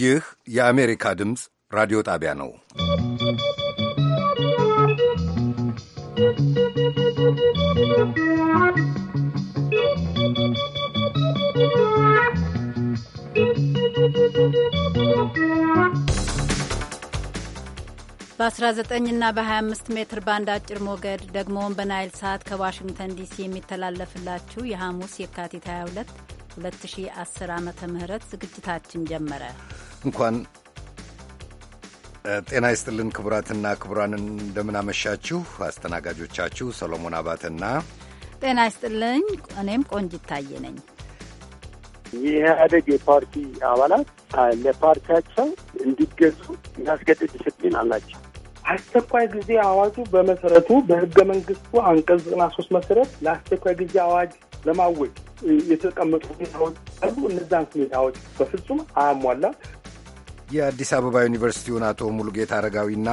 ይህ የአሜሪካ ድምፅ ራዲዮ ጣቢያ ነው። በ19 እና በ25 ሜትር ባንድ አጭር ሞገድ ደግሞም በናይል ሰዓት ከዋሽንግተን ዲሲ የሚተላለፍላችሁ የሐሙስ የካቲት 22 2010 ዓ ም ዝግጅታችን ጀመረ። እንኳን ጤና ይስጥልን ክቡራትና ክቡራን፣ እንደምናመሻችሁ። አስተናጋጆቻችሁ ሰሎሞን አባተና ጤና ይስጥልኝ። እኔም ቆንጅ ይታየ ነኝ። የኢህአዴግ የፓርቲ አባላት ለፓርቲያቸው እንዲገዙ የሚያስገድድ ዲስፕሊን አላቸው። አስቸኳይ ጊዜ አዋጁ በመሰረቱ በህገ መንግስቱ አንቀጽ ዘጠና ሶስት መሰረት ለአስቸኳይ ጊዜ አዋጅ ለማወቅ የተቀመጡ ሁኔታዎች አሉ። እነዛን ሁኔታዎች በፍጹም አያሟላ። የአዲስ አበባ ዩኒቨርሲቲውን አቶ ሙሉጌታ አረጋዊና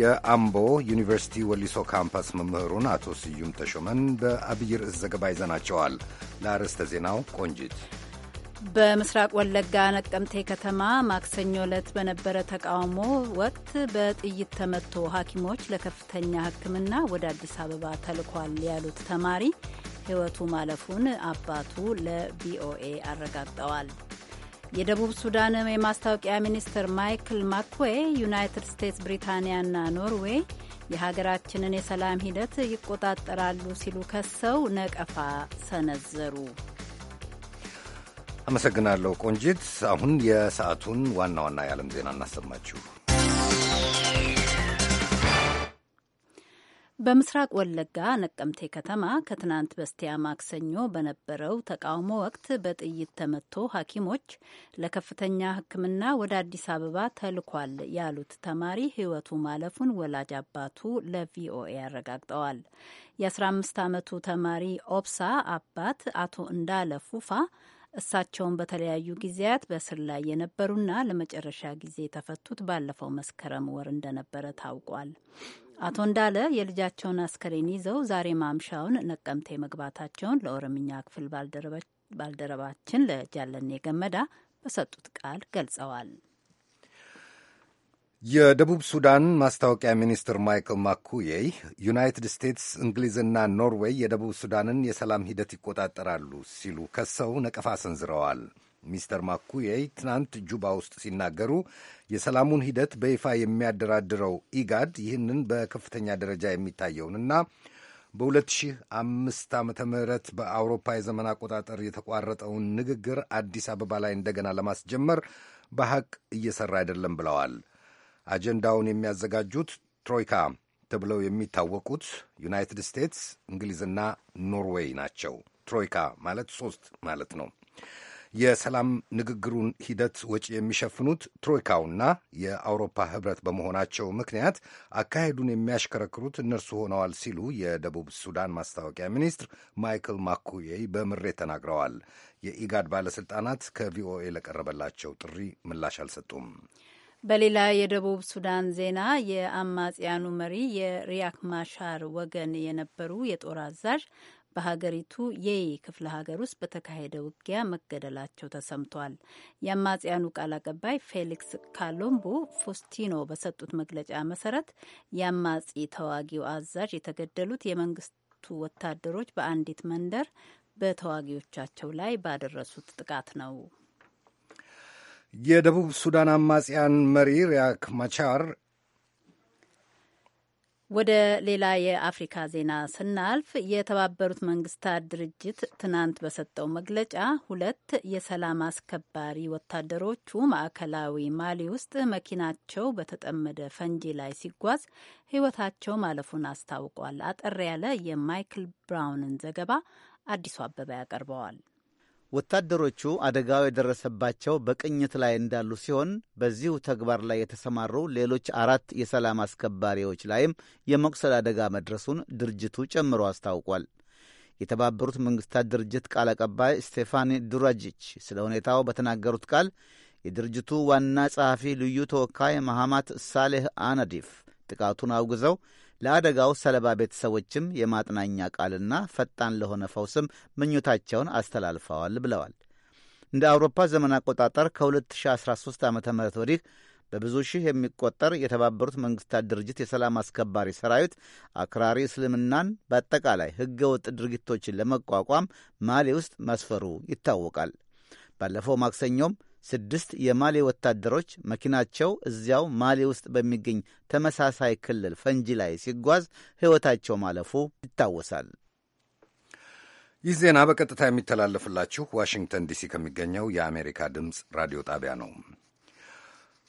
የአምቦ ዩኒቨርሲቲ ወሊሶ ካምፓስ መምህሩን አቶ ስዩም ተሾመን በአብይ ርዕስ ዘገባ ይዘናቸዋል። ለአርዕስተ ዜናው ቆንጂት። በምስራቅ ወለጋ ነቀምቴ ከተማ ማክሰኞ ዕለት በነበረ ተቃውሞ ወቅት በጥይት ተመቶ ሐኪሞች ለከፍተኛ ሕክምና ወደ አዲስ አበባ ተልኳል ያሉት ተማሪ ሕይወቱ ማለፉን አባቱ ለቪኦኤ አረጋግጠዋል። የደቡብ ሱዳን የማስታወቂያ ሚኒስትር ማይክል ማክዌ ዩናይትድ ስቴትስ፣ ብሪታንያና ኖርዌይ የሀገራችንን የሰላም ሂደት ይቆጣጠራሉ ሲሉ ከሰው ነቀፋ ሰነዘሩ። አመሰግናለሁ ቆንጂት። አሁን የሰዓቱን ዋና ዋና የዓለም ዜና እናሰማችሁ። በምስራቅ ወለጋ ነቀምቴ ከተማ ከትናንት በስቲያ ማክሰኞ በነበረው ተቃውሞ ወቅት በጥይት ተመቶ ሐኪሞች ለከፍተኛ ሕክምና ወደ አዲስ አበባ ተልኳል ያሉት ተማሪ ሕይወቱ ማለፉን ወላጅ አባቱ ለቪኦኤ አረጋግጠዋል። የ15 ዓመቱ ተማሪ ኦብሳ አባት አቶ እንዳለ ፉፋ እሳቸውን በተለያዩ ጊዜያት በእስር ላይ የነበሩና ለመጨረሻ ጊዜ የተፈቱት ባለፈው መስከረም ወር እንደነበረ ታውቋል። አቶ እንዳለ የልጃቸውን አስከሬን ይዘው ዛሬ ማምሻውን ነቀምቴ መግባታቸውን ለኦሮምኛ ክፍል ባልደረባችን ለጃለኔ ገመዳ በሰጡት ቃል ገልጸዋል። የደቡብ ሱዳን ማስታወቂያ ሚኒስትር ማይክል ማኩዬ ዩናይትድ ስቴትስ፣ እንግሊዝና ኖርዌይ የደቡብ ሱዳንን የሰላም ሂደት ይቆጣጠራሉ ሲሉ ከሰው ነቀፋ ሰንዝረዋል። ሚስተር ማኩዬይ ትናንት ጁባ ውስጥ ሲናገሩ የሰላሙን ሂደት በይፋ የሚያደራድረው ኢጋድ ይህንን በከፍተኛ ደረጃ የሚታየውንና በ2005 ዓ ም በአውሮፓ የዘመን አቆጣጠር የተቋረጠውን ንግግር አዲስ አበባ ላይ እንደገና ለማስጀመር በሐቅ እየሠራ አይደለም ብለዋል። አጀንዳውን የሚያዘጋጁት ትሮይካ ተብለው የሚታወቁት ዩናይትድ ስቴትስ፣ እንግሊዝና ኖርዌይ ናቸው። ትሮይካ ማለት ሶስት ማለት ነው። የሰላም ንግግሩን ሂደት ወጪ የሚሸፍኑት ትሮይካውና የአውሮፓ ህብረት በመሆናቸው ምክንያት አካሄዱን የሚያሽከረክሩት እነርሱ ሆነዋል ሲሉ የደቡብ ሱዳን ማስታወቂያ ሚኒስትር ማይክል ማኩዬይ በምሬት ተናግረዋል። የኢጋድ ባለስልጣናት ከቪኦኤ ለቀረበላቸው ጥሪ ምላሽ አልሰጡም። በሌላ የደቡብ ሱዳን ዜና የአማጽያኑ መሪ የሪያክ ማሻር ወገን የነበሩ የጦር አዛዥ በሀገሪቱ የይ ክፍለ ሀገር ውስጥ በተካሄደ ውጊያ መገደላቸው ተሰምቷል። የአማጽያኑ ቃል አቀባይ ፌሊክስ ካሎምቦ ፎስቲኖ በሰጡት መግለጫ መሰረት የአማጺ ተዋጊው አዛዥ የተገደሉት የመንግስቱ ወታደሮች በአንዲት መንደር በተዋጊዎቻቸው ላይ ባደረሱት ጥቃት ነው። የደቡብ ሱዳን አማጽያን መሪ ሪያክ ማቻር ወደ ሌላ የአፍሪካ ዜና ስናልፍ የተባበሩት መንግስታት ድርጅት ትናንት በሰጠው መግለጫ ሁለት የሰላም አስከባሪ ወታደሮቹ ማዕከላዊ ማሊ ውስጥ መኪናቸው በተጠመደ ፈንጂ ላይ ሲጓዝ ሕይወታቸው ማለፉን አስታውቋል። አጠር ያለ የማይክል ብራውንን ዘገባ አዲሱ አበባ ያቀርበዋል። ወታደሮቹ አደጋው የደረሰባቸው በቅኝት ላይ እንዳሉ ሲሆን በዚሁ ተግባር ላይ የተሰማሩ ሌሎች አራት የሰላም አስከባሪዎች ላይም የመቁሰል አደጋ መድረሱን ድርጅቱ ጨምሮ አስታውቋል። የተባበሩት መንግስታት ድርጅት ቃል አቀባይ ስቴፋኒ ዱራጅች ስለ ሁኔታው በተናገሩት ቃል የድርጅቱ ዋና ጸሐፊ ልዩ ተወካይ መሐማት ሳሌህ አናዲፍ ጥቃቱን አውግዘው ለአደጋው ሰለባ ቤተሰቦችም የማጥናኛ ቃልና ፈጣን ለሆነ ፈውስም ምኞታቸውን አስተላልፈዋል ብለዋል። እንደ አውሮፓ ዘመን አቆጣጠር ከ2013 ዓ ም ወዲህ በብዙ ሺህ የሚቆጠር የተባበሩት መንግስታት ድርጅት የሰላም አስከባሪ ሰራዊት አክራሪ እስልምናን በአጠቃላይ ህገወጥ ድርጊቶችን ለመቋቋም ማሊ ውስጥ መስፈሩ ይታወቃል። ባለፈው ማክሰኞም ስድስት የማሌ ወታደሮች መኪናቸው እዚያው ማሌ ውስጥ በሚገኝ ተመሳሳይ ክልል ፈንጂ ላይ ሲጓዝ ሕይወታቸው ማለፉ ይታወሳል። ይህ ዜና በቀጥታ የሚተላለፍላችሁ ዋሽንግተን ዲሲ ከሚገኘው የአሜሪካ ድምፅ ራዲዮ ጣቢያ ነው።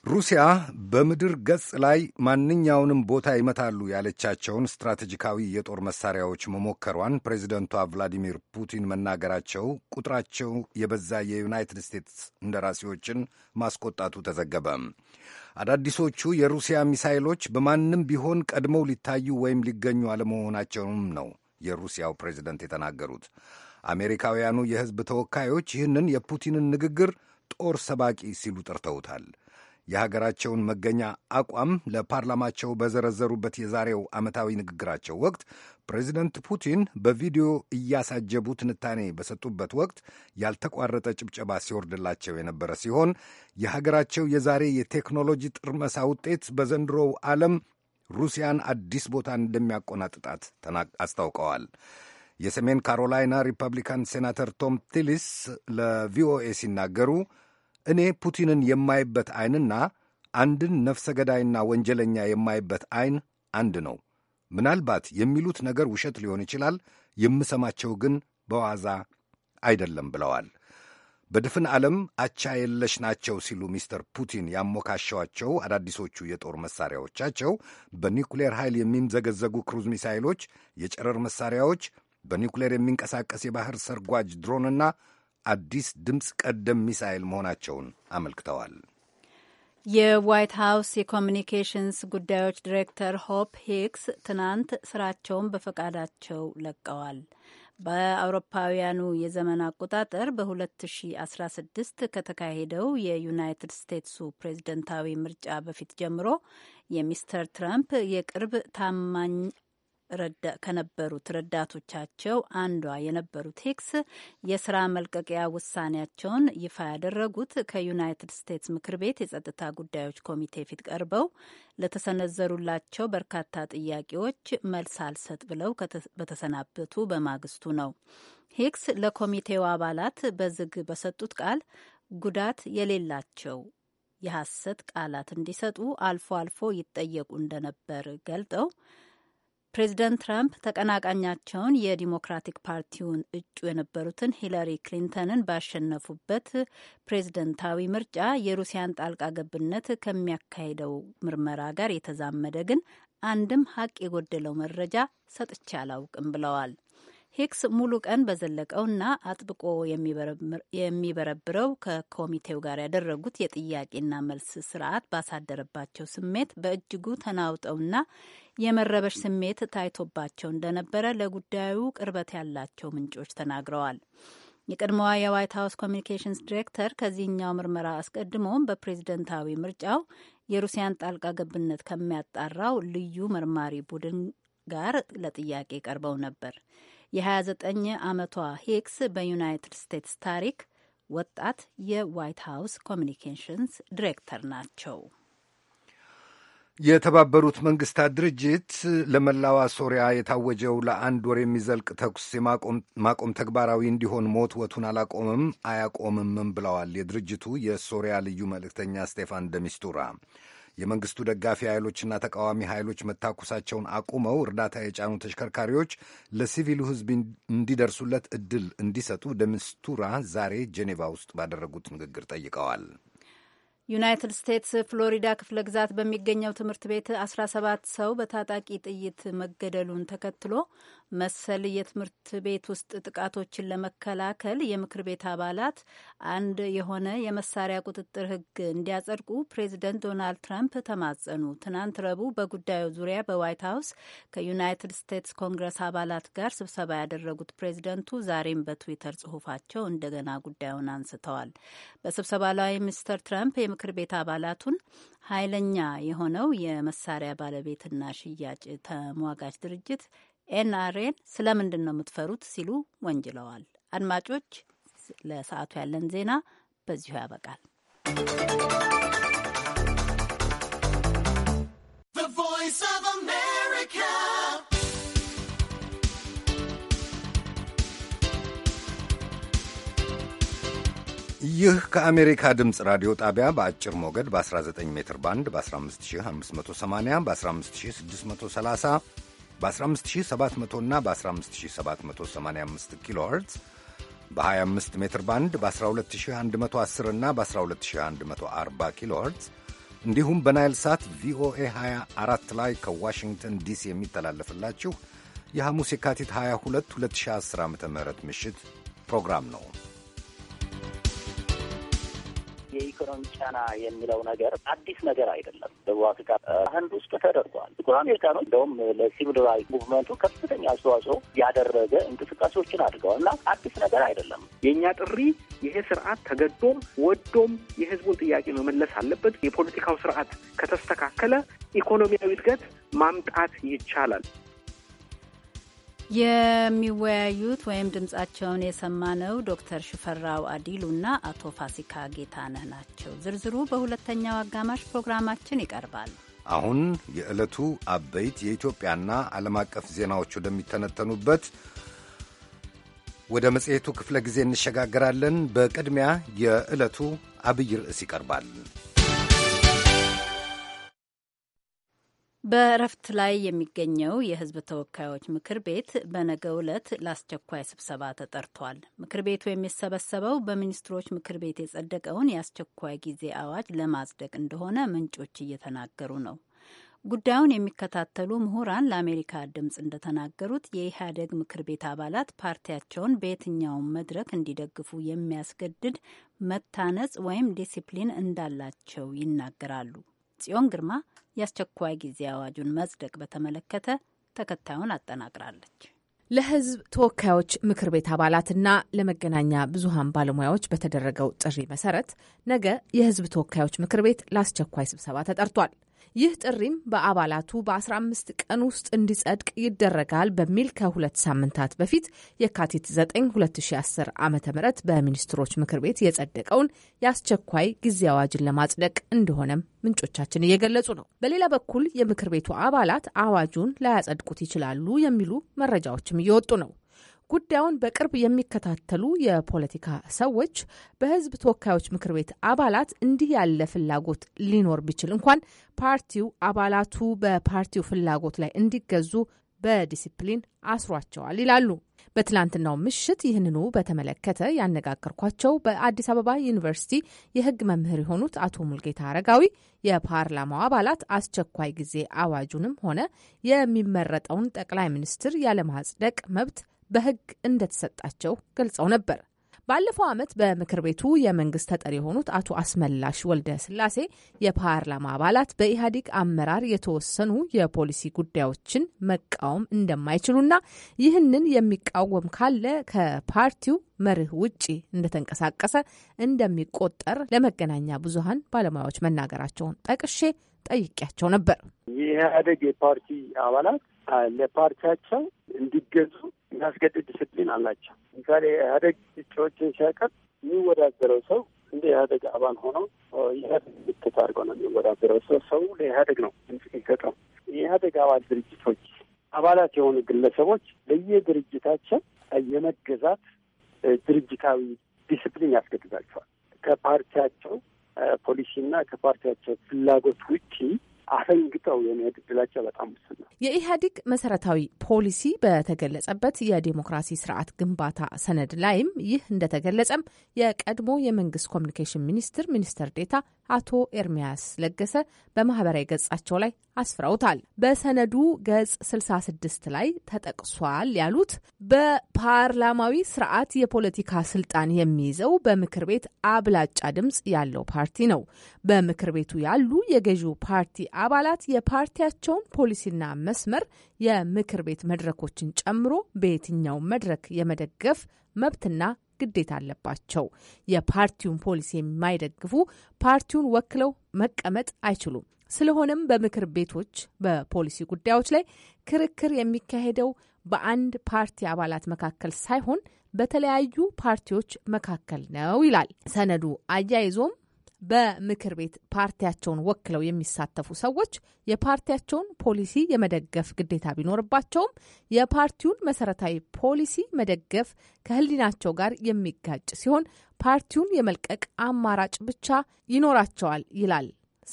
ሩሲያ በምድር ገጽ ላይ ማንኛውንም ቦታ ይመታሉ ያለቻቸውን ስትራቴጂካዊ የጦር መሳሪያዎች መሞከሯን ፕሬዚደንቷ ቭላዲሚር ፑቲን መናገራቸው ቁጥራቸው የበዛ የዩናይትድ ስቴትስ እንደራሴዎችን ማስቆጣቱ ተዘገበ። አዳዲሶቹ የሩሲያ ሚሳይሎች በማንም ቢሆን ቀድመው ሊታዩ ወይም ሊገኙ አለመሆናቸውም ነው የሩሲያው ፕሬዚደንት የተናገሩት። አሜሪካውያኑ የሕዝብ ተወካዮች ይህንን የፑቲንን ንግግር ጦር ሰባቂ ሲሉ ጠርተውታል። የሀገራቸውን መገኛ አቋም ለፓርላማቸው በዘረዘሩበት የዛሬው ዓመታዊ ንግግራቸው ወቅት ፕሬዚደንት ፑቲን በቪዲዮ እያሳጀቡ ትንታኔ በሰጡበት ወቅት ያልተቋረጠ ጭብጨባ ሲወርድላቸው የነበረ ሲሆን የሀገራቸው የዛሬ የቴክኖሎጂ ጥርመሳ ውጤት በዘንድሮው ዓለም ሩሲያን አዲስ ቦታ እንደሚያቆናጥጣት አስታውቀዋል። የሰሜን ካሮላይና ሪፐብሊካን ሴናተር ቶም ቲሊስ ለቪኦኤ ሲናገሩ እኔ ፑቲንን የማይበት ዐይንና አንድን ነፍሰ ገዳይና ወንጀለኛ የማይበት ዐይን አንድ ነው። ምናልባት የሚሉት ነገር ውሸት ሊሆን ይችላል፣ የምሰማቸው ግን በዋዛ አይደለም ብለዋል። በድፍን ዓለም አቻ የለሽ ናቸው ሲሉ ሚስተር ፑቲን ያሞካሸዋቸው አዳዲሶቹ የጦር መሳሪያዎቻቸው በኒውክሌር ኃይል የሚምዘገዘጉ ክሩዝ ሚሳይሎች፣ የጨረር መሳሪያዎች፣ በኒውክሌር የሚንቀሳቀስ የባህር ሰርጓጅ ድሮንና አዲስ ድምፅ ቀደም ሚሳኤል መሆናቸውን አመልክተዋል። የዋይት ሀውስ የኮሚኒኬሽንስ ጉዳዮች ዲሬክተር ሆፕ ሂክስ ትናንት ስራቸውን በፈቃዳቸው ለቀዋል። በአውሮፓውያኑ የዘመን አቆጣጠር በ2016 ከተካሄደው የዩናይትድ ስቴትሱ ፕሬዝደንታዊ ምርጫ በፊት ጀምሮ የሚስተር ትራምፕ የቅርብ ታማኝ ከነበሩት ረዳቶቻቸው አንዷ የነበሩት ሂክስ የስራ መልቀቂያ ውሳኔያቸውን ይፋ ያደረጉት ከዩናይትድ ስቴትስ ምክር ቤት የጸጥታ ጉዳዮች ኮሚቴ ፊት ቀርበው ለተሰነዘሩላቸው በርካታ ጥያቄዎች መልስ አልሰጥ ብለው በተሰናበቱ በማግስቱ ነው። ሂክስ ለኮሚቴው አባላት በዝግ በሰጡት ቃል ጉዳት የሌላቸው የሐሰት ቃላት እንዲሰጡ አልፎ አልፎ ይጠየቁ እንደነበር ገልጠው ፕሬዚደንት ትራምፕ ተቀናቃኛቸውን የዲሞክራቲክ ፓርቲውን እጩ የነበሩትን ሂለሪ ክሊንተንን ባሸነፉበት ፕሬዝደንታዊ ምርጫ የሩሲያን ጣልቃ ገብነት ከሚያካሂደው ምርመራ ጋር የተዛመደ ግን አንድም ሀቅ የጎደለው መረጃ ሰጥቼ አላውቅም ብለዋል። ሂክስ ሙሉ ቀን በዘለቀውና አጥብቆ የሚበረብረው ከኮሚቴው ጋር ያደረጉት የጥያቄና መልስ ስርዓት ባሳደረባቸው ስሜት በእጅጉ ተናውጠውና የመረበሽ ስሜት ታይቶባቸው እንደነበረ ለጉዳዩ ቅርበት ያላቸው ምንጮች ተናግረዋል። የቀድሞዋ የዋይት ሀውስ ኮሚኒኬሽንስ ዲሬክተር ከዚህኛው ምርመራ አስቀድሞም በፕሬዝደንታዊ ምርጫው የሩሲያን ጣልቃ ገብነት ከሚያጣራው ልዩ መርማሪ ቡድን ጋር ለጥያቄ ቀርበው ነበር። የ29 ዓመቷ ሂክስ በዩናይትድ ስቴትስ ታሪክ ወጣት የዋይት ሃውስ ኮሚኒኬሽንስ ዲሬክተር ናቸው። የተባበሩት መንግስታት ድርጅት ለመላዋ ሶሪያ የታወጀው ለአንድ ወር የሚዘልቅ ተኩስ የማቆም ተግባራዊ እንዲሆን ወቱን አላቆምም አያቆምምም ብለዋል የድርጅቱ የሶሪያ ልዩ መልእክተኛ ስቴፋን ደሚስቱራ። የመንግስቱ ደጋፊ ኃይሎችና ተቃዋሚ ኃይሎች መታኮሳቸውን አቁመው እርዳታ የጫኑ ተሽከርካሪዎች ለሲቪሉ ሕዝብ እንዲደርሱለት እድል እንዲሰጡ ደምስቱራ ዛሬ ጄኔቫ ውስጥ ባደረጉት ንግግር ጠይቀዋል። ዩናይትድ ስቴትስ ፍሎሪዳ ክፍለ ግዛት በሚገኘው ትምህርት ቤት 17 ሰው በታጣቂ ጥይት መገደሉን ተከትሎ መሰል የትምህርት ቤት ውስጥ ጥቃቶችን ለመከላከል የምክር ቤት አባላት አንድ የሆነ የመሳሪያ ቁጥጥር ሕግ እንዲያጸድቁ ፕሬዚደንት ዶናልድ ትራምፕ ተማጸኑ። ትናንት ረቡዕ በጉዳዩ ዙሪያ በዋይት ሀውስ ከዩናይትድ ስቴትስ ኮንግረስ አባላት ጋር ስብሰባ ያደረጉት ፕሬዚደንቱ ዛሬም በትዊተር ጽሁፋቸው እንደገና ጉዳዩን አንስተዋል። በስብሰባ ላይ ሚስተር ትራምፕ የምክር ቤት አባላቱን ኃይለኛ የሆነው የመሳሪያ ባለቤትና ሽያጭ ተሟጋች ድርጅት ኤንአርኤን ስለምንድን ነው የምትፈሩት ሲሉ ወንጅለዋል። አድማጮች፣ ለሰዓቱ ያለን ዜና በዚሁ ያበቃል። ይህ ከአሜሪካ ድምፅ ራዲዮ ጣቢያ በአጭር ሞገድ በ19 ሜትር ባንድ በ15580 በ15630 በ15700 እና በ15785 ኪሎ ኸርትዝ በ25 ሜትር ባንድ በ12110 እና በ12140 ኪሎ ኸርትዝ እንዲሁም በናይል ሳት ቪኦኤ 24 ላይ ከዋሽንግተን ዲሲ የሚተላለፍላችሁ የሐሙስ የካቲት 22 2010 ዓ ም ምሽት ፕሮግራም ነው። የኢኮኖሚ ጫና የሚለው ነገር አዲስ ነገር አይደለም። ደቡብ አፍሪካ ህንድ ውስጥ ተደርጓል። ጥቁር አሜሪካኖች እንደውም ለሲቪል ራይት ሙቭመንቱ ከፍተኛ አስተዋጽኦ ያደረገ እንቅስቃሴዎችን አድርገዋል እና አዲስ ነገር አይደለም። የእኛ ጥሪ ይሄ ስርዓት ተገዶም ወዶም የህዝቡን ጥያቄ መመለስ አለበት። የፖለቲካው ስርዓት ከተስተካከለ ኢኮኖሚያዊ እድገት ማምጣት ይቻላል። የሚወያዩት ወይም ድምጻቸውን የሰማነው ዶክተር ሽፈራው አዲሉና አቶ ፋሲካ ጌታነህ ናቸው። ዝርዝሩ በሁለተኛው አጋማሽ ፕሮግራማችን ይቀርባል። አሁን የዕለቱ አበይት የኢትዮጵያና ዓለም አቀፍ ዜናዎች ወደሚተነተኑበት ወደ መጽሔቱ ክፍለ ጊዜ እንሸጋገራለን። በቅድሚያ የዕለቱ አብይ ርዕስ ይቀርባል። በእረፍት ላይ የሚገኘው የህዝብ ተወካዮች ምክር ቤት በነገ ዕለት ለአስቸኳይ ስብሰባ ተጠርቷል። ምክር ቤቱ የሚሰበሰበው በሚኒስትሮች ምክር ቤት የጸደቀውን የአስቸኳይ ጊዜ አዋጅ ለማጽደቅ እንደሆነ ምንጮች እየተናገሩ ነው። ጉዳዩን የሚከታተሉ ምሁራን ለአሜሪካ ድምፅ እንደተናገሩት የኢህአዴግ ምክር ቤት አባላት ፓርቲያቸውን በየትኛውም መድረክ እንዲደግፉ የሚያስገድድ መታነጽ ወይም ዲሲፕሊን እንዳላቸው ይናገራሉ። ጽዮን ግርማ የአስቸኳይ ጊዜ አዋጁን መጽደቅ በተመለከተ ተከታዩን አጠናቅራለች። ለሕዝብ ተወካዮች ምክር ቤት አባላትና ለመገናኛ ብዙሃን ባለሙያዎች በተደረገው ጥሪ መሰረት ነገ የሕዝብ ተወካዮች ምክር ቤት ለአስቸኳይ ስብሰባ ተጠርቷል። ይህ ጥሪም በአባላቱ በ15 ቀን ውስጥ እንዲጸድቅ ይደረጋል በሚል ከሁለት ሳምንታት በፊት የካቲት 9 2010 ዓ ም በሚኒስትሮች ምክር ቤት የጸደቀውን የአስቸኳይ ጊዜ አዋጅን ለማጽደቅ እንደሆነም ምንጮቻችን እየገለጹ ነው። በሌላ በኩል የምክር ቤቱ አባላት አዋጁን ላያጸድቁት ይችላሉ የሚሉ መረጃዎችም እየወጡ ነው። ጉዳዩን በቅርብ የሚከታተሉ የፖለቲካ ሰዎች በህዝብ ተወካዮች ምክር ቤት አባላት እንዲህ ያለ ፍላጎት ሊኖር ቢችል እንኳን ፓርቲው አባላቱ በፓርቲው ፍላጎት ላይ እንዲገዙ በዲሲፕሊን አስሯቸዋል ይላሉ። በትላንትናው ምሽት ይህንኑ በተመለከተ ያነጋገርኳቸው በአዲስ አበባ ዩኒቨርሲቲ የህግ መምህር የሆኑት አቶ ሙልጌታ አረጋዊ የፓርላማው አባላት አስቸኳይ ጊዜ አዋጁንም ሆነ የሚመረጠውን ጠቅላይ ሚኒስትር ያለማጽደቅ መብት በሕግ እንደተሰጣቸው ገልጸው ነበር። ባለፈው ዓመት በምክር ቤቱ የመንግስት ተጠሪ የሆኑት አቶ አስመላሽ ወልደ ስላሴ የፓርላማ አባላት በኢህአዴግ አመራር የተወሰኑ የፖሊሲ ጉዳዮችን መቃወም እንደማይችሉና ይህንን የሚቃወም ካለ ከፓርቲው መርህ ውጪ እንደተንቀሳቀሰ እንደሚቆጠር ለመገናኛ ብዙሀን ባለሙያዎች መናገራቸውን ጠቅሼ ጠይቄያቸው ነበር። የኢህአዴግ የፓርቲ አባላት ለፓርቲያቸው እንዲገዙ የሚያስገድድ ዲስፕሊን አላቸው። ምሳሌ ኢህአዴግ እጩዎችን ሲያቀርብ የሚወዳደረው ሰው እንደ ኢህአደግ አባል ሆነው ኢህአደግ ምልክት አድርገው ነው የሚወዳደረው ሰው ሰው ለኢህአደግ ነው የሚሰጠው። የኢህአደግ አባል ድርጅቶች አባላት የሆኑ ግለሰቦች ለየድርጅታቸው የመገዛት ድርጅታዊ ዲስፕሊን ያስገድዳቸዋል። ከፓርቲያቸው ፖሊሲና ከፓርቲያቸው ፍላጎት ውጪ አፈንግጠው የመሄድ እድላቸው በጣም ውስን ነው። የኢህአዴግ መሰረታዊ ፖሊሲ በተገለጸበት የዴሞክራሲ ስርዓት ግንባታ ሰነድ ላይም ይህ እንደተገለጸም የቀድሞ የመንግስት ኮሚኒኬሽን ሚኒስትር ሚኒስትር ዴታ አቶ ኤርሚያስ ለገሰ በማህበራዊ ገጻቸው ላይ አስፍረውታል። በሰነዱ ገጽ 66 ላይ ተጠቅሷል ያሉት በፓርላማዊ ስርዓት የፖለቲካ ስልጣን የሚይዘው በምክር ቤት አብላጫ ድምጽ ያለው ፓርቲ ነው። በምክር ቤቱ ያሉ የገዢው ፓርቲ አባላት የፓርቲያቸውን ፖሊሲና መስመር የምክር ቤት መድረኮችን ጨምሮ በየትኛው መድረክ የመደገፍ መብትና ግዴታ አለባቸው። የፓርቲውን ፖሊሲ የማይደግፉ ፓርቲውን ወክለው መቀመጥ አይችሉም። ስለሆነም በምክር ቤቶች በፖሊሲ ጉዳዮች ላይ ክርክር የሚካሄደው በአንድ ፓርቲ አባላት መካከል ሳይሆን በተለያዩ ፓርቲዎች መካከል ነው ይላል ሰነዱ። አያይዞም በምክር ቤት ፓርቲያቸውን ወክለው የሚሳተፉ ሰዎች የፓርቲያቸውን ፖሊሲ የመደገፍ ግዴታ ቢኖርባቸውም የፓርቲውን መሰረታዊ ፖሊሲ መደገፍ ከሕሊናቸው ጋር የሚጋጭ ሲሆን ፓርቲውን የመልቀቅ አማራጭ ብቻ ይኖራቸዋል ይላል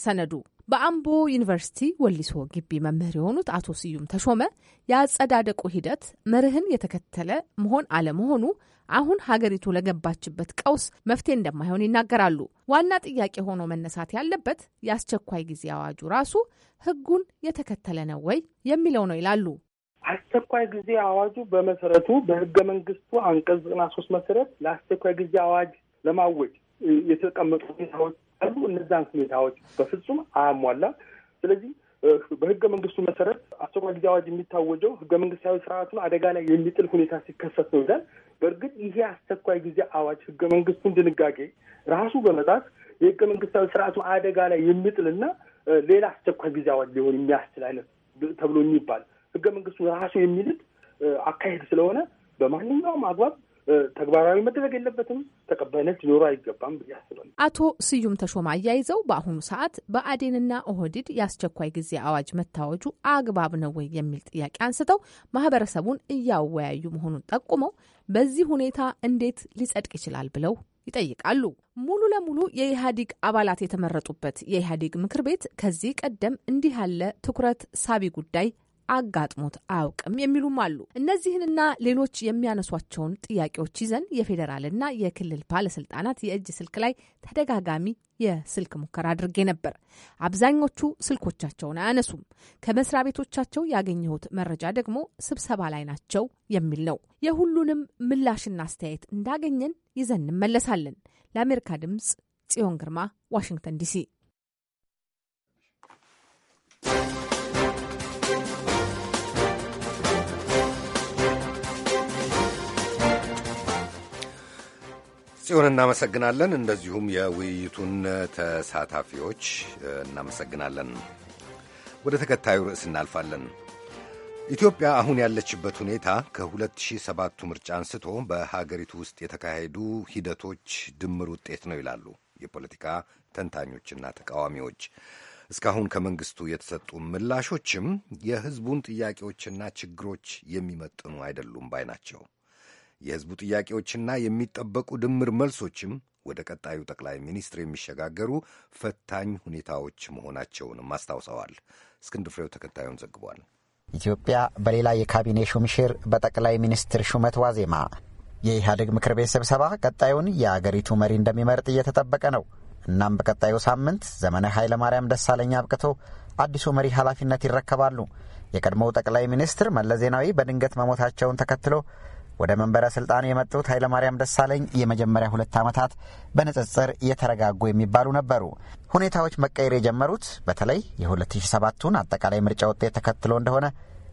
ሰነዱ። በአምቦ ዩኒቨርሲቲ ወሊሶ ግቢ መምህር የሆኑት አቶ ስዩም ተሾመ የአጸዳደቁ ሂደት መርህን የተከተለ መሆን አለመሆኑ አሁን ሀገሪቱ ለገባችበት ቀውስ መፍትሄ እንደማይሆን ይናገራሉ። ዋና ጥያቄ ሆኖ መነሳት ያለበት የአስቸኳይ ጊዜ አዋጁ ራሱ ሕጉን የተከተለ ነው ወይ የሚለው ነው ይላሉ። አስቸኳይ ጊዜ አዋጁ በመሰረቱ በህገ መንግስቱ አንቀጽ ዘጠና ሶስት መሰረት ለአስቸኳይ ጊዜ አዋጅ ለማወጅ የተቀመጡ ሁኔታዎች አሉ። እነዛን ሁኔታዎች በፍጹም አያሟላም። ስለዚህ በህገ መንግስቱ መሰረት አስቸኳይ ጊዜ አዋጅ የሚታወጀው ህገ መንግስታዊ ስርዓቱን አደጋ ላይ የሚጥል ሁኔታ ሲከሰት ነው ይላል። በእርግጥ ይሄ አስቸኳይ ጊዜ አዋጅ ህገ መንግስቱን ድንጋጌ ራሱ በመጣት የህገ መንግስታዊ ስርዓቱን አደጋ ላይ የሚጥልና ሌላ አስቸኳይ ጊዜ አዋጅ ሊሆን የሚያስችል አይነት ተብሎ የሚባል ህገ መንግስቱ ራሱ የሚልጥ አካሄድ ስለሆነ በማንኛውም አግባብ ተግባራዊ መደረግ የለበትም፣ ተቀባይነት ሊኖሩ አይገባም ብዬ አስባለሁ። አቶ ስዩም ተሾማ አያይዘው በአሁኑ ሰዓት በአዴንና ኦህዲድ የአስቸኳይ ጊዜ አዋጅ መታወጁ አግባብ ነው ወይ የሚል ጥያቄ አንስተው ማህበረሰቡን እያወያዩ መሆኑን ጠቁመው በዚህ ሁኔታ እንዴት ሊጸድቅ ይችላል ብለው ይጠይቃሉ። ሙሉ ለሙሉ የኢህአዴግ አባላት የተመረጡበት የኢህአዴግ ምክር ቤት ከዚህ ቀደም እንዲህ ያለ ትኩረት ሳቢ ጉዳይ አጋጥሞት አያውቅም የሚሉም አሉ። እነዚህንና ሌሎች የሚያነሷቸውን ጥያቄዎች ይዘን የፌዴራልና የክልል ባለስልጣናት የእጅ ስልክ ላይ ተደጋጋሚ የስልክ ሙከራ አድርጌ ነበር። አብዛኞቹ ስልኮቻቸውን አያነሱም። ከመስሪያ ቤቶቻቸው ያገኘሁት መረጃ ደግሞ ስብሰባ ላይ ናቸው የሚል ነው። የሁሉንም ምላሽና አስተያየት እንዳገኘን ይዘን እንመለሳለን። ለአሜሪካ ድምጽ ጽዮን ግርማ ዋሽንግተን ዲሲ ጽዮን እናመሰግናለን። እንደዚሁም የውይይቱን ተሳታፊዎች እናመሰግናለን። ወደ ተከታዩ ርዕስ እናልፋለን። ኢትዮጵያ አሁን ያለችበት ሁኔታ ከ2007ቱ ምርጫ አንስቶ በሀገሪቱ ውስጥ የተካሄዱ ሂደቶች ድምር ውጤት ነው ይላሉ የፖለቲካ ተንታኞችና ተቃዋሚዎች። እስካሁን ከመንግስቱ የተሰጡ ምላሾችም የህዝቡን ጥያቄዎችና ችግሮች የሚመጥኑ አይደሉም ባይ ናቸው። የሕዝቡ ጥያቄዎችና የሚጠበቁ ድምር መልሶችም ወደ ቀጣዩ ጠቅላይ ሚኒስትር የሚሸጋገሩ ፈታኝ ሁኔታዎች መሆናቸውንም አስታውሰዋል። እስክንድር ፍሬው ተከታዩን ዘግቧል። ኢትዮጵያ በሌላ የካቢኔ ሹምሽር በጠቅላይ ሚኒስትር ሹመት ዋዜማ የኢህአዴግ ምክር ቤት ስብሰባ ቀጣዩን የአገሪቱ መሪ እንደሚመርጥ እየተጠበቀ ነው። እናም በቀጣዩ ሳምንት ዘመነ ኃይለማርያም ደሳለኝ አብቅቶ አዲሱ መሪ ኃላፊነት ይረከባሉ። የቀድሞው ጠቅላይ ሚኒስትር መለስ ዜናዊ በድንገት መሞታቸውን ተከትሎ ወደ መንበረ ስልጣን የመጡት ኃይለማርያም ደሳለኝ የመጀመሪያ ሁለት ዓመታት በንጽጽር የተረጋጉ የሚባሉ ነበሩ። ሁኔታዎች መቀየር የጀመሩት በተለይ የ2007ቱን አጠቃላይ ምርጫ ውጤት ተከትሎ እንደሆነ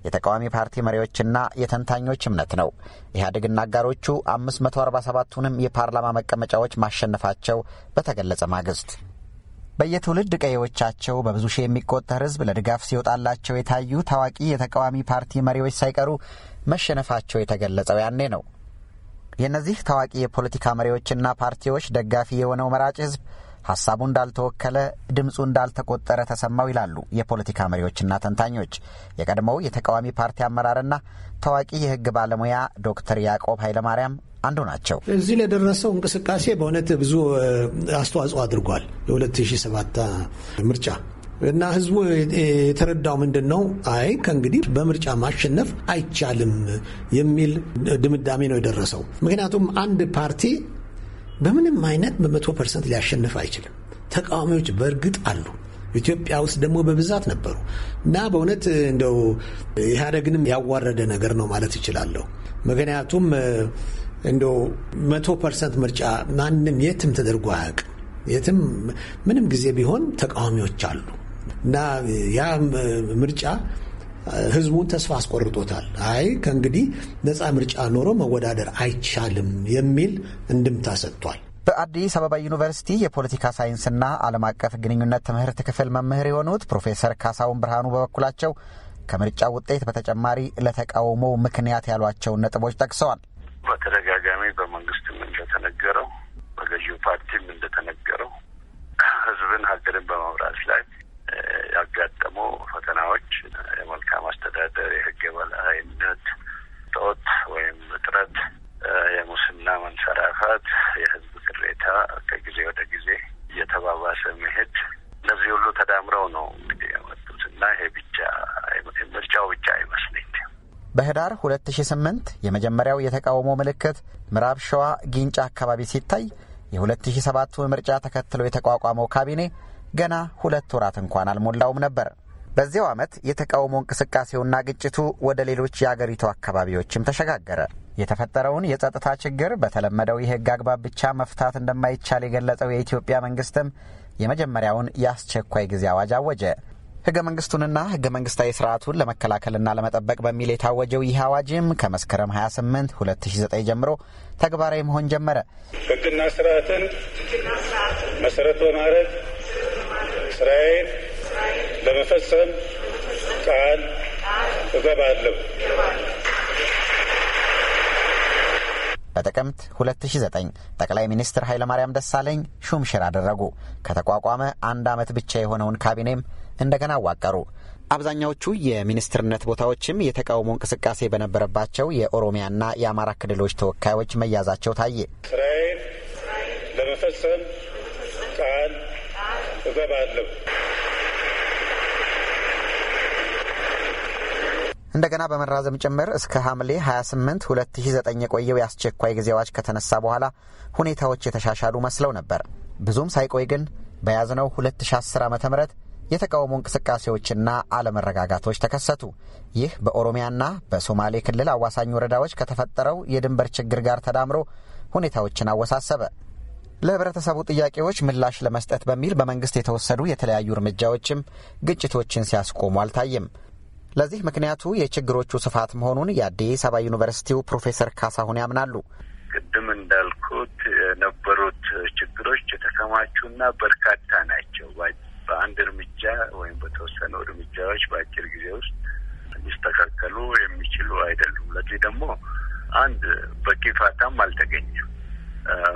የተቃዋሚ ፓርቲ መሪዎችና የተንታኞች እምነት ነው። ኢህአዴግና አጋሮቹ 547ቱንም የፓርላማ መቀመጫዎች ማሸነፋቸው በተገለጸ ማግስት በየትውልድ ቀዬዎቻቸው በብዙ ሺህ የሚቆጠር ህዝብ ለድጋፍ ሲወጣላቸው የታዩ ታዋቂ የተቃዋሚ ፓርቲ መሪዎች ሳይቀሩ መሸነፋቸው የተገለጸው ያኔ ነው። የእነዚህ ታዋቂ የፖለቲካ መሪዎችና ፓርቲዎች ደጋፊ የሆነው መራጭ ህዝብ ሀሳቡ እንዳልተወከለ፣ ድምፁ እንዳልተቆጠረ ተሰማው ይላሉ የፖለቲካ መሪዎችና ተንታኞች። የቀድሞው የተቃዋሚ ፓርቲ አመራርና ታዋቂ የህግ ባለሙያ ዶክተር ያዕቆብ ኃይለማርያም አንዱ ናቸው። እዚህ ለደረሰው እንቅስቃሴ በእውነት ብዙ አስተዋጽኦ አድርጓል። የ2007 ምርጫ እና ህዝቡ የተረዳው ምንድን ነው? አይ ከእንግዲህ በምርጫ ማሸነፍ አይቻልም የሚል ድምዳሜ ነው የደረሰው። ምክንያቱም አንድ ፓርቲ በምንም አይነት በመቶ ፐርሰንት ሊያሸንፍ አይችልም። ተቃዋሚዎች በእርግጥ አሉ። ኢትዮጵያ ውስጥ ደግሞ በብዛት ነበሩ እና በእውነት እንደው ኢህአዴግንም ያዋረደ ነገር ነው ማለት ይችላለሁ። ምክንያቱም እንደው መቶ ፐርሰንት ምርጫ ማንም የትም ተደርጎ አያውቅም። የትም ምንም ጊዜ ቢሆን ተቃዋሚዎች አሉ። እና ያ ምርጫ ህዝቡን ተስፋ አስቆርጦታል። አይ ከእንግዲህ ነፃ ምርጫ ኖሮ መወዳደር አይቻልም የሚል እንድምታ ሰጥቷል። በአዲስ አበባ ዩኒቨርሲቲ የፖለቲካ ሳይንስና ዓለም አቀፍ ግንኙነት ትምህርት ክፍል መምህር የሆኑት ፕሮፌሰር ካሳሁን ብርሃኑ በበኩላቸው ከምርጫ ውጤት በተጨማሪ ለተቃውሞው ምክንያት ያሏቸውን ነጥቦች ጠቅሰዋል። በተደጋጋሚ በመንግስትም እንደተነገረው፣ በገዢው ፓርቲም እንደተነገረው ህዝብን ሀገርን በመምራት ላይ ያጋጠሙ ፈተናዎች የመልካም አስተዳደር፣ የህግ የበላይነት ጦት ወይም እጥረት፣ የሙስና መንሰራፋት፣ የህዝብ ቅሬታ ከጊዜ ወደ ጊዜ እየተባባሰ መሄድ እነዚህ ሁሉ ተዳምረው ነው እንግዲህ የመጡት እና ይሄ ብቻ ምርጫው ብቻ አይመስለኝ። በህዳር 2008 የመጀመሪያው የተቃውሞ ምልክት ምዕራብ ሸዋ ጊንጫ አካባቢ ሲታይ የ2007ቱ ምርጫ ተከትሎ የተቋቋመው ካቢኔ ገና ሁለት ወራት እንኳን አልሞላውም ነበር። በዚያው ዓመት የተቃውሞ እንቅስቃሴውና ግጭቱ ወደ ሌሎች የአገሪቱ አካባቢዎችም ተሸጋገረ። የተፈጠረውን የጸጥታ ችግር በተለመደው የሕግ አግባብ ብቻ መፍታት እንደማይቻል የገለጸው የኢትዮጵያ መንግስትም የመጀመሪያውን የአስቸኳይ ጊዜ አዋጅ አወጀ። ሕገ መንግስቱንና ሕገ መንግስታዊ ስርዓቱን ለመከላከልና ለመጠበቅ በሚል የታወጀው ይህ አዋጅም ከመስከረም 28 2009 ጀምሮ ተግባራዊ መሆን ጀመረ። ሕግና ስርዓትን መሰረት በማድረግ ስራዬን ለመፈጸም ቃል እገባለሁ። በጥቅምት 2009 ጠቅላይ ሚኒስትር ኃይለማርያም ደሳለኝ ሹምሽር አደረጉ። ከተቋቋመ አንድ ዓመት ብቻ የሆነውን ካቢኔም እንደገና አዋቀሩ። አብዛኛዎቹ የሚኒስትርነት ቦታዎችም የተቃውሞ እንቅስቃሴ በነበረባቸው የኦሮሚያና የአማራ ክልሎች ተወካዮች መያዛቸው ታየ። ስራዬን ለመፈጸም ቃል እገባለሁ። እንደገና በመራዘም ጭምር እስከ ሐምሌ 28 2009 የቆየው የአስቸኳይ ጊዜ አዋጅ ከተነሳ በኋላ ሁኔታዎች የተሻሻሉ መስለው ነበር። ብዙም ሳይቆይ ግን በያዝነው 2010 ዓ ም የተቃውሞ እንቅስቃሴዎችና አለመረጋጋቶች ተከሰቱ። ይህ በኦሮሚያና በሶማሌ ክልል አዋሳኝ ወረዳዎች ከተፈጠረው የድንበር ችግር ጋር ተዳምሮ ሁኔታዎችን አወሳሰበ። ለህብረተሰቡ ጥያቄዎች ምላሽ ለመስጠት በሚል በመንግስት የተወሰዱ የተለያዩ እርምጃዎችም ግጭቶችን ሲያስቆሙ አልታየም። ለዚህ ምክንያቱ የችግሮቹ ስፋት መሆኑን የአዲስ አበባ ዩኒቨርሲቲው ፕሮፌሰር ካሳሁን ያምናሉ። ቅድም እንዳልኩት የነበሩት ችግሮች የተከማቹና በርካታ ናቸው። በአንድ እርምጃ ወይም በተወሰኑ እርምጃዎች በአጭር ጊዜ ውስጥ ሊስተካከሉ የሚችሉ አይደሉም። ለዚህ ደግሞ አንድ በቂ ፋታም አልተገኘም።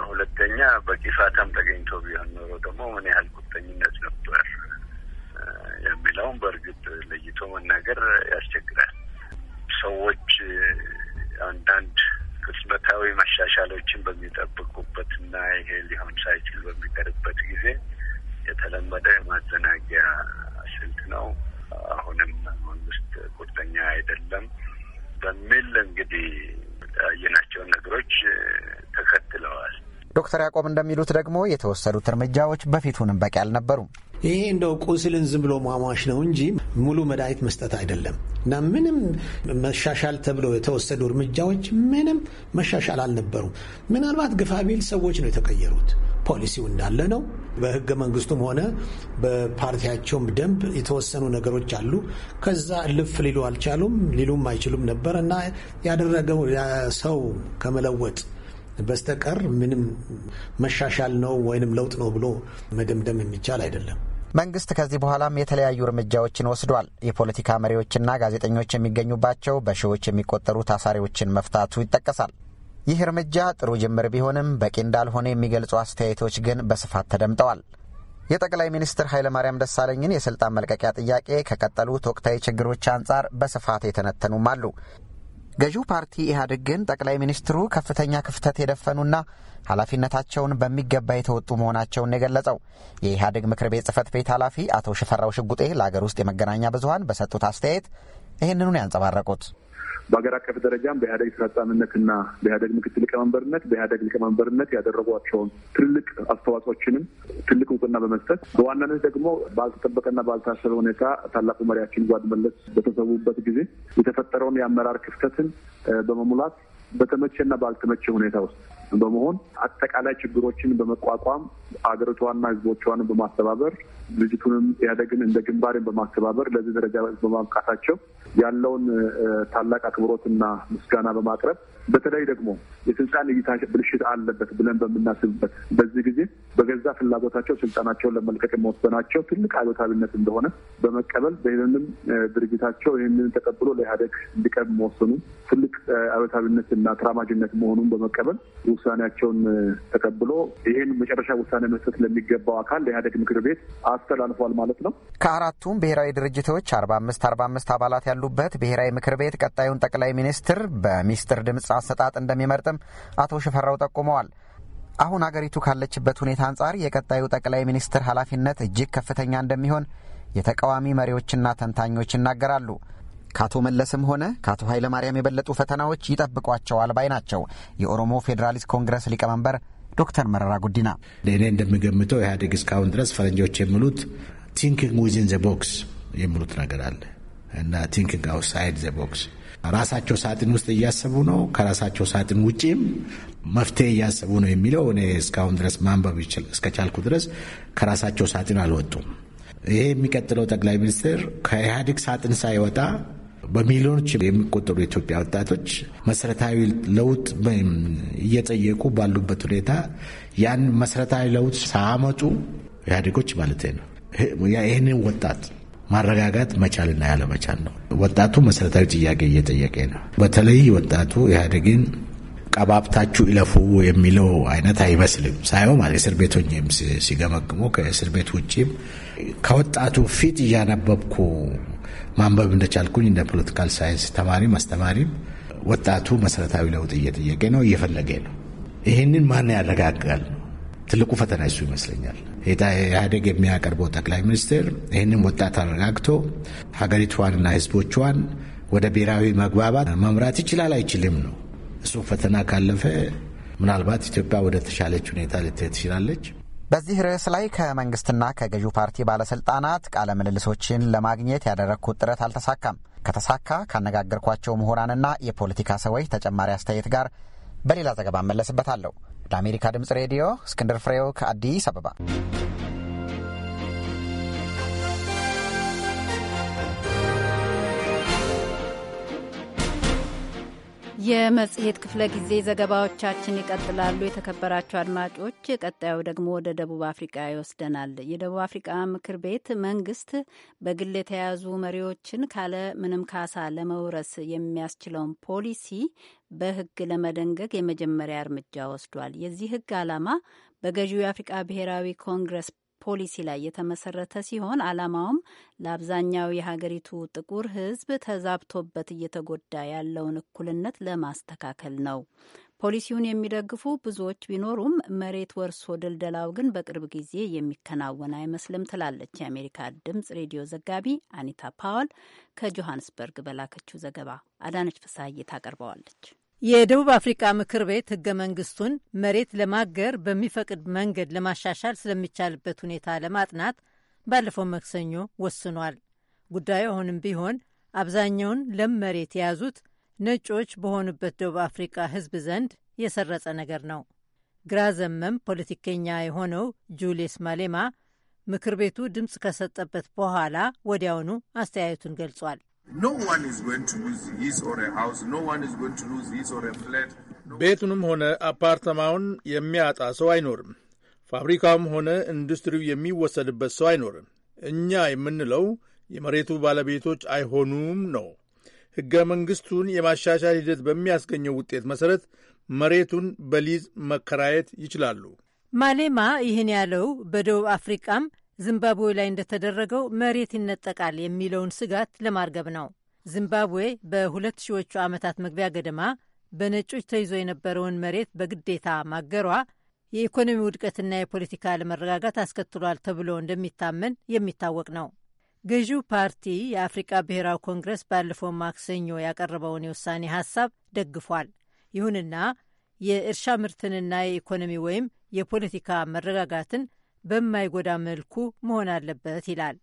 ሁለተኛ በቂፋታም ተገኝቶ ቢሆን ኖሮ ደግሞ ምን ያህል ቁርጠኝነት ነበር የሚለውን በእርግጥ ለይቶ መናገር ያስቸግራል። ሰዎች አንዳንድ ቅጽበታዊ መሻሻሎችን በሚጠብቁበት እና ይሄ ሊሆን ሳይችል በሚቀርበት ጊዜ የተለመደ የማዘናጊያ ስልት ነው። አሁንም መንግስት ቁርጠኛ አይደለም በሚል እንግዲህ ያየናቸውን ነገሮች ተከትለዋል። ዶክተር ያቆብ እንደሚሉት ደግሞ የተወሰዱት እርምጃዎች በፊቱንም በቂ አልነበሩም። ይሄ እንደው ቁስልን ዝም ብሎ ማሟሽ ነው እንጂ ሙሉ መድኃኒት መስጠት አይደለም እና ምንም መሻሻል ተብለው የተወሰዱ እርምጃዎች ምንም መሻሻል አልነበሩም። ምናልባት ግፋቢል ሰዎች ነው የተቀየሩት። ፖሊሲው እንዳለ ነው። በህገ መንግስቱም ሆነ በፓርቲያቸውም ደንብ የተወሰኑ ነገሮች አሉ። ከዛ ልፍ ሊሉ አልቻሉም፣ ሊሉም አይችሉም ነበር እና ያደረገው ሰው ከመለወጥ በስተቀር ምንም መሻሻል ነው ወይንም ለውጥ ነው ብሎ መደምደም የሚቻል አይደለም። መንግስት ከዚህ በኋላም የተለያዩ እርምጃዎችን ወስዷል። የፖለቲካ መሪዎችና ጋዜጠኞች የሚገኙባቸው በሺዎች የሚቆጠሩ ታሳሪዎችን መፍታቱ ይጠቀሳል። ይህ እርምጃ ጥሩ ጅምር ቢሆንም በቂ እንዳልሆነ የሚገልጹ አስተያየቶች ግን በስፋት ተደምጠዋል። የጠቅላይ ሚኒስትር ኃይለማርያም ደሳለኝን የስልጣን መልቀቂያ ጥያቄ ከቀጠሉት ወቅታዊ ችግሮች አንጻር በስፋት የተነተኑም አሉ። ገዢው ፓርቲ ኢህአዴግ ግን ጠቅላይ ሚኒስትሩ ከፍተኛ ክፍተት የደፈኑና ኃላፊነታቸውን በሚገባ የተወጡ መሆናቸውን የገለጸው የኢህአዴግ ምክር ቤት ጽህፈት ቤት ኃላፊ አቶ ሽፈራው ሽጉጤ ለአገር ውስጥ የመገናኛ ብዙሀን በሰጡት አስተያየት ይህንኑን ያንጸባረቁት በሀገር አቀፍ ደረጃም በኢህአደግ ስራ አስፈጻሚነትና በኢህአደግ ምክትል ሊቀመንበርነት በኢህአደግ ሊቀመንበርነት ያደረጓቸውን ትልልቅ አስተዋጽኦችንም ትልቅ እውቅና በመስጠት በዋናነት ደግሞ ባልተጠበቀና ባልታሰበ ሁኔታ ታላቁ መሪያችን ጓድ መለስ በተሰዉበት ጊዜ የተፈጠረውን የአመራር ክፍተትን በመሙላት በተመቸና ባልተመቸ ሁኔታ ውስጥ በመሆን አጠቃላይ ችግሮችን በመቋቋም አገሪቷና ሕዝቦቿን በማስተባበር ድርጅቱንም ኢህአዴግን እንደ ግንባሬን በማስተባበር ለዚህ ደረጃ በማብቃታቸው ያለውን ታላቅ አክብሮትና ምስጋና በማቅረብ በተለይ ደግሞ የስልጣን እይታ ብልሽት አለበት ብለን በምናስብበት በዚህ ጊዜ በገዛ ፍላጎታቸው ስልጣናቸውን ለመልቀቅ የመወሰናቸው ትልቅ አሉታዊነት እንደሆነ በመቀበል በይህንንም ድርጅታቸው ይህንን ተቀብሎ ለኢህአዴግ እንዲቀርብ መወሰኑ ትልቅ አሉታዊነት እና ተራማጅነት መሆኑን በመቀበል ውሳኔያቸውን ተቀብሎ ይህን መጨረሻ ውሳኔ መስጠት ለሚገባው አካል ለኢህአዴግ ምክር ቤት አስተላልፏል ማለት ነው። ከአራቱም ብሔራዊ ድርጅቶች አርባ አምስት አርባ አምስት አባላት ያሉበት ብሔራዊ ምክር ቤት ቀጣዩን ጠቅላይ ሚኒስትር በሚስጥር ድምጽ ። አሰጣጥ እንደሚመርጥም አቶ ሽፈራው ጠቁመዋል። አሁን አገሪቱ ካለችበት ሁኔታ አንጻር የቀጣዩ ጠቅላይ ሚኒስትር ኃላፊነት እጅግ ከፍተኛ እንደሚሆን የተቃዋሚ መሪዎችና ተንታኞች ይናገራሉ። ከአቶ መለስም ሆነ ከአቶ ኃይለማርያም የበለጡ ፈተናዎች ይጠብቋቸዋል ባይ ናቸው የኦሮሞ ፌዴራሊስት ኮንግረስ ሊቀመንበር ዶክተር መረራ ጉዲና። እኔ እንደምገምተው ኢህአዴግ እስካሁን ድረስ ፈረንጆች የሚሉት ቲንኪንግ ዊዝን ዘ ቦክስ የሚሉት ነገር አለ እና ቲንኪንግ አውትሳይድ ዘ ቦክስ ራሳቸው ሳጥን ውስጥ እያሰቡ ነው፣ ከራሳቸው ሳጥን ውጪም መፍትሄ እያሰቡ ነው የሚለው እኔ እስካሁን ድረስ ማንበብ እስከቻልኩ ድረስ ከራሳቸው ሳጥን አልወጡም። ይሄ የሚቀጥለው ጠቅላይ ሚኒስትር ከኢህአዴግ ሳጥን ሳይወጣ በሚሊዮኖች የሚቆጠሩ የኢትዮጵያ ወጣቶች መሰረታዊ ለውጥ እየጠየቁ ባሉበት ሁኔታ ያን መሰረታዊ ለውጥ ሳያመጡ ኢህአዴጎች ማለት ነው ይህንን ወጣት ማረጋጋት መቻልና ያለመቻል ነው። ወጣቱ መሰረታዊ ጥያቄ እየጠየቀ ነው። በተለይ ወጣቱ ኢህአዴግን ቀባብታችሁ ይለፉ የሚለው አይነት አይመስልም። ሳይሆን ማለት እስር ቤቶኝም ሲገመግሙ ከእስር ቤት ውጭም ከወጣቱ ፊት እያነበብኩ ማንበብ እንደቻልኩኝ እንደ ፖለቲካል ሳይንስ ተማሪም አስተማሪም ወጣቱ መሰረታዊ ለውጥ እየጠየቀ ነው፣ እየፈለገ ነው። ይህንን ማን ያረጋጋል ነው ትልቁ ፈተና እሱ ይመስለኛል። ኢህአዴግ የሚያቀርበው ጠቅላይ ሚኒስትር ይህንን ወጣት አረጋግቶ ሀገሪቷንና ህዝቦቿን ወደ ብሔራዊ መግባባት መምራት ይችላል አይችልም ነው። እሱም ፈተና ካለፈ ምናልባት ኢትዮጵያ ወደ ተሻለች ሁኔታ ልትሄድ ትችላለች። በዚህ ርዕስ ላይ ከመንግስትና ከገዢው ፓርቲ ባለስልጣናት ቃለ ምልልሶችን ለማግኘት ያደረግኩት ጥረት አልተሳካም። ከተሳካ ካነጋገርኳቸው ምሁራንና የፖለቲካ ሰዎች ተጨማሪ አስተያየት ጋር በሌላ ዘገባ እመለስበታለሁ። ለአሜሪካ ድምፅ ሬዲዮ እስክንድር ፍሬው ከአዲስ አበባ። የመጽሔት ክፍለ ጊዜ ዘገባዎቻችን ይቀጥላሉ። የተከበራቸው አድማጮች፣ ቀጣዩ ደግሞ ወደ ደቡብ አፍሪቃ ይወስደናል። የደቡብ አፍሪቃ ምክር ቤት መንግስት በግል የተያዙ መሪዎችን ካለ ምንም ካሳ ለመውረስ የሚያስችለውን ፖሊሲ በህግ ለመደንገግ የመጀመሪያ እርምጃ ወስዷል። የዚህ ህግ ዓላማ በገዢው የአፍሪቃ ብሔራዊ ኮንግረስ ፖሊሲ ላይ የተመሰረተ ሲሆን ዓላማውም ለአብዛኛው የሀገሪቱ ጥቁር ህዝብ ተዛብቶበት እየተጎዳ ያለውን እኩልነት ለማስተካከል ነው። ፖሊሲውን የሚደግፉ ብዙዎች ቢኖሩም መሬት ወርሶ ድልደላው ግን በቅርብ ጊዜ የሚከናወን አይመስልም ትላለች የአሜሪካ ድምጽ ሬዲዮ ዘጋቢ አኒታ ፓወል ከጆሃንስበርግ በላከችው ዘገባ። አዳነች ፍሳሐዬ ታቀርበዋለች። የደቡብ አፍሪካ ምክር ቤት ህገ መንግስቱን መሬት ለማገር በሚፈቅድ መንገድ ለማሻሻል ስለሚቻልበት ሁኔታ ለማጥናት ባለፈው መክሰኞ ወስኗል። ጉዳዩ አሁንም ቢሆን አብዛኛውን ለም መሬት የያዙት ነጮች በሆኑበት ደቡብ አፍሪካ ህዝብ ዘንድ የሰረጸ ነገር ነው። ግራ ዘመም ፖለቲከኛ የሆነው ጁልየስ ማሌማ ምክር ቤቱ ድምፅ ከሰጠበት በኋላ ወዲያውኑ አስተያየቱን ገልጿል። ቤቱንም ሆነ አፓርተማውን የሚያጣ ሰው አይኖርም። ፋብሪካውም ሆነ ኢንዱስትሪው የሚወሰድበት ሰው አይኖርም። እኛ የምንለው የመሬቱ ባለቤቶች አይሆኑም ነው። ሕገ መንግሥቱን የማሻሻል ሂደት በሚያስገኘው ውጤት መሠረት መሬቱን በሊዝ መከራየት ይችላሉ። ማሌማ ይህን ያለው በደቡብ አፍሪቃም ዚምባብዌ ላይ እንደተደረገው መሬት ይነጠቃል የሚለውን ስጋት ለማርገብ ነው። ዚምባብዌ በሁለት ሺዎቹ ዓመታት መግቢያ ገደማ በነጮች ተይዞ የነበረውን መሬት በግዴታ ማገሯ የኢኮኖሚ ውድቀትና የፖለቲካ አለመረጋጋት አስከትሏል ተብሎ እንደሚታመን የሚታወቅ ነው። ገዢው ፓርቲ የአፍሪቃ ብሔራዊ ኮንግረስ ባለፈው ማክሰኞ ያቀረበውን የውሳኔ ሀሳብ ደግፏል። ይሁንና የእርሻ ምርትንና የኢኮኖሚ ወይም የፖለቲካ መረጋጋትን በማይጎዳ መልኩ መሆን አለበት ይላል።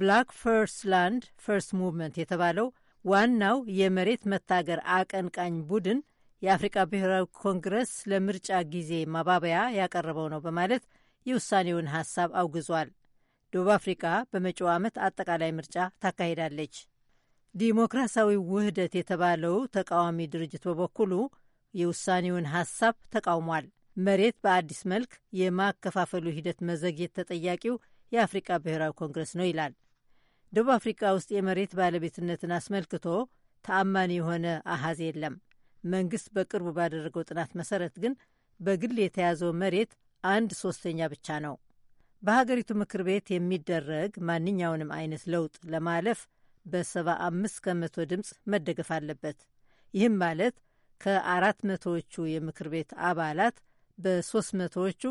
ብላክ ፈርስት ላንድ ፈርስት ሙቭመንት የተባለው ዋናው የመሬት መታገር አቀንቃኝ ቡድን የአፍሪቃ ብሔራዊ ኮንግረስ ለምርጫ ጊዜ ማባበያ ያቀረበው ነው በማለት የውሳኔውን ሀሳብ አውግዟል። ደቡብ አፍሪካ በመጪው ዓመት አጠቃላይ ምርጫ ታካሂዳለች። ዲሞክራሲያዊ ውህደት የተባለው ተቃዋሚ ድርጅት በበኩሉ የውሳኔውን ሀሳብ ተቃውሟል። መሬት በአዲስ መልክ የማከፋፈሉ ሂደት መዘግየት ተጠያቂው የአፍሪቃ ብሔራዊ ኮንግረስ ነው ይላል። ደቡብ አፍሪካ ውስጥ የመሬት ባለቤትነትን አስመልክቶ ተአማኒ የሆነ አሃዝ የለም። መንግስት በቅርቡ ባደረገው ጥናት መሰረት ግን በግል የተያዘው መሬት አንድ ሶስተኛ ብቻ ነው። በሀገሪቱ ምክር ቤት የሚደረግ ማንኛውንም አይነት ለውጥ ለማለፍ በ75 ከመቶ ድምፅ መደገፍ አለበት። ይህም ማለት ከአራት መቶዎቹ የምክር ቤት አባላት በሶስት መቶዎቹ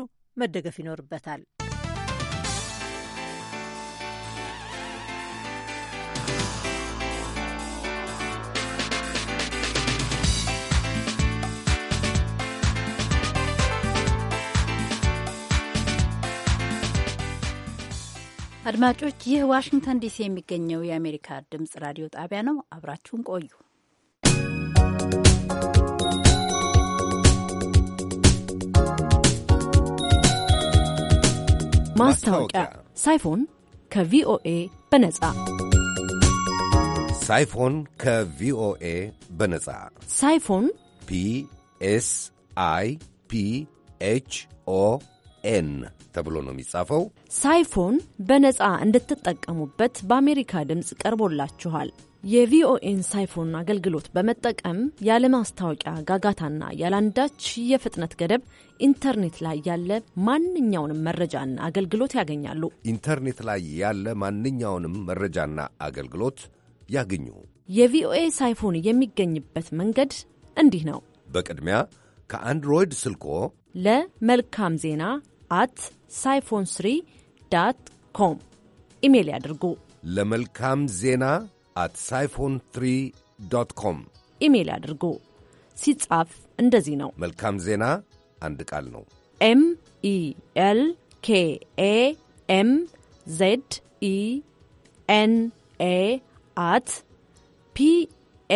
መደገፍ ይኖርበታል። አድማጮች፣ ይህ ዋሽንግተን ዲሲ የሚገኘው የአሜሪካ ድምጽ ራዲዮ ጣቢያ ነው። አብራችሁን ቆዩ። ማስታወቂያ ሳይፎን ከቪኦኤ በነጻ ሳይፎን ከቪኦኤ በነጻ ሳይፎን ፒ ኤስ አይ ፒ ኤች ኦ ኤን ተብሎ ነው የሚጻፈው። ሳይፎን በነፃ እንድትጠቀሙበት በአሜሪካ ድምፅ ቀርቦላችኋል። የቪኦኤን ሳይፎን አገልግሎት በመጠቀም ያለማስታወቂያ ጋጋታና ያላንዳች የፍጥነት ገደብ ኢንተርኔት ላይ ያለ ማንኛውንም መረጃና አገልግሎት ያገኛሉ። ኢንተርኔት ላይ ያለ ማንኛውንም መረጃና አገልግሎት ያገኙ። የቪኦኤ ሳይፎን የሚገኝበት መንገድ እንዲህ ነው። በቅድሚያ ከአንድሮይድ ስልኮ ለመልካም ዜና አት ሳይፎን ስሪ ዳት ኮም ኢሜል ያድርጉ። ለመልካም ዜና አት ሳይፎን ትሪ ዶት ኮም ኢሜል ያድርጉ። ሲጻፍ እንደዚህ ነው። መልካም ዜና አንድ ቃል ነው። ኤም ኢ ኤል ኬ ኤ ኤም ዜድ ኢ ኤን ኤ አት ፒ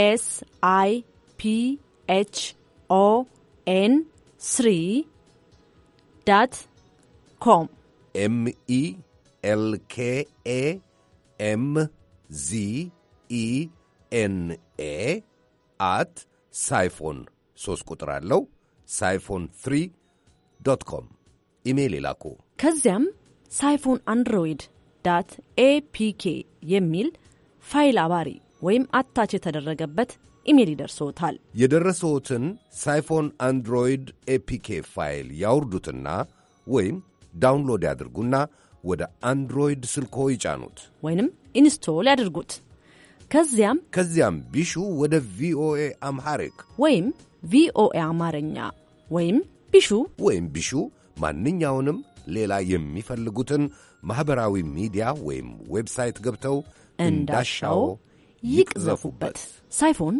ኤስ አይ ፒ ኤች ኦ ኤን ስሪ ዳት ኮም ኤምኢ ኤልኬኤ ኤም ዚ ኢ ኤን ኤ አት ሳይፎን ሶስት ቁጥር አለው ሳይፎን ትሪ ዶት ኮም ኢሜይል ይላኩ። ከዚያም ሳይፎን አንድሮይድ ዳት ኤፒኬ የሚል ፋይል አባሪ ወይም አታች የተደረገበት ኢሜል ይደርሶታል። የደረሰዎትን ሳይፎን አንድሮይድ ኤፒኬ ፋይል ያውርዱትና ወይም ዳውንሎድ ያድርጉና ወደ አንድሮይድ ስልኮ ይጫኑት ወይንም ኢንስቶል ያድርጉት። ከዚያም ከዚያም ቢሹ ወደ ቪኦኤ አምሐሪክ ወይም ቪኦኤ አማርኛ ወይም ቢሹ ወይም ቢሹ ማንኛውንም ሌላ የሚፈልጉትን ማኅበራዊ ሚዲያ ወይም ዌብሳይት ገብተው እንዳሻው ይቅዘፉበት። ሳይፎን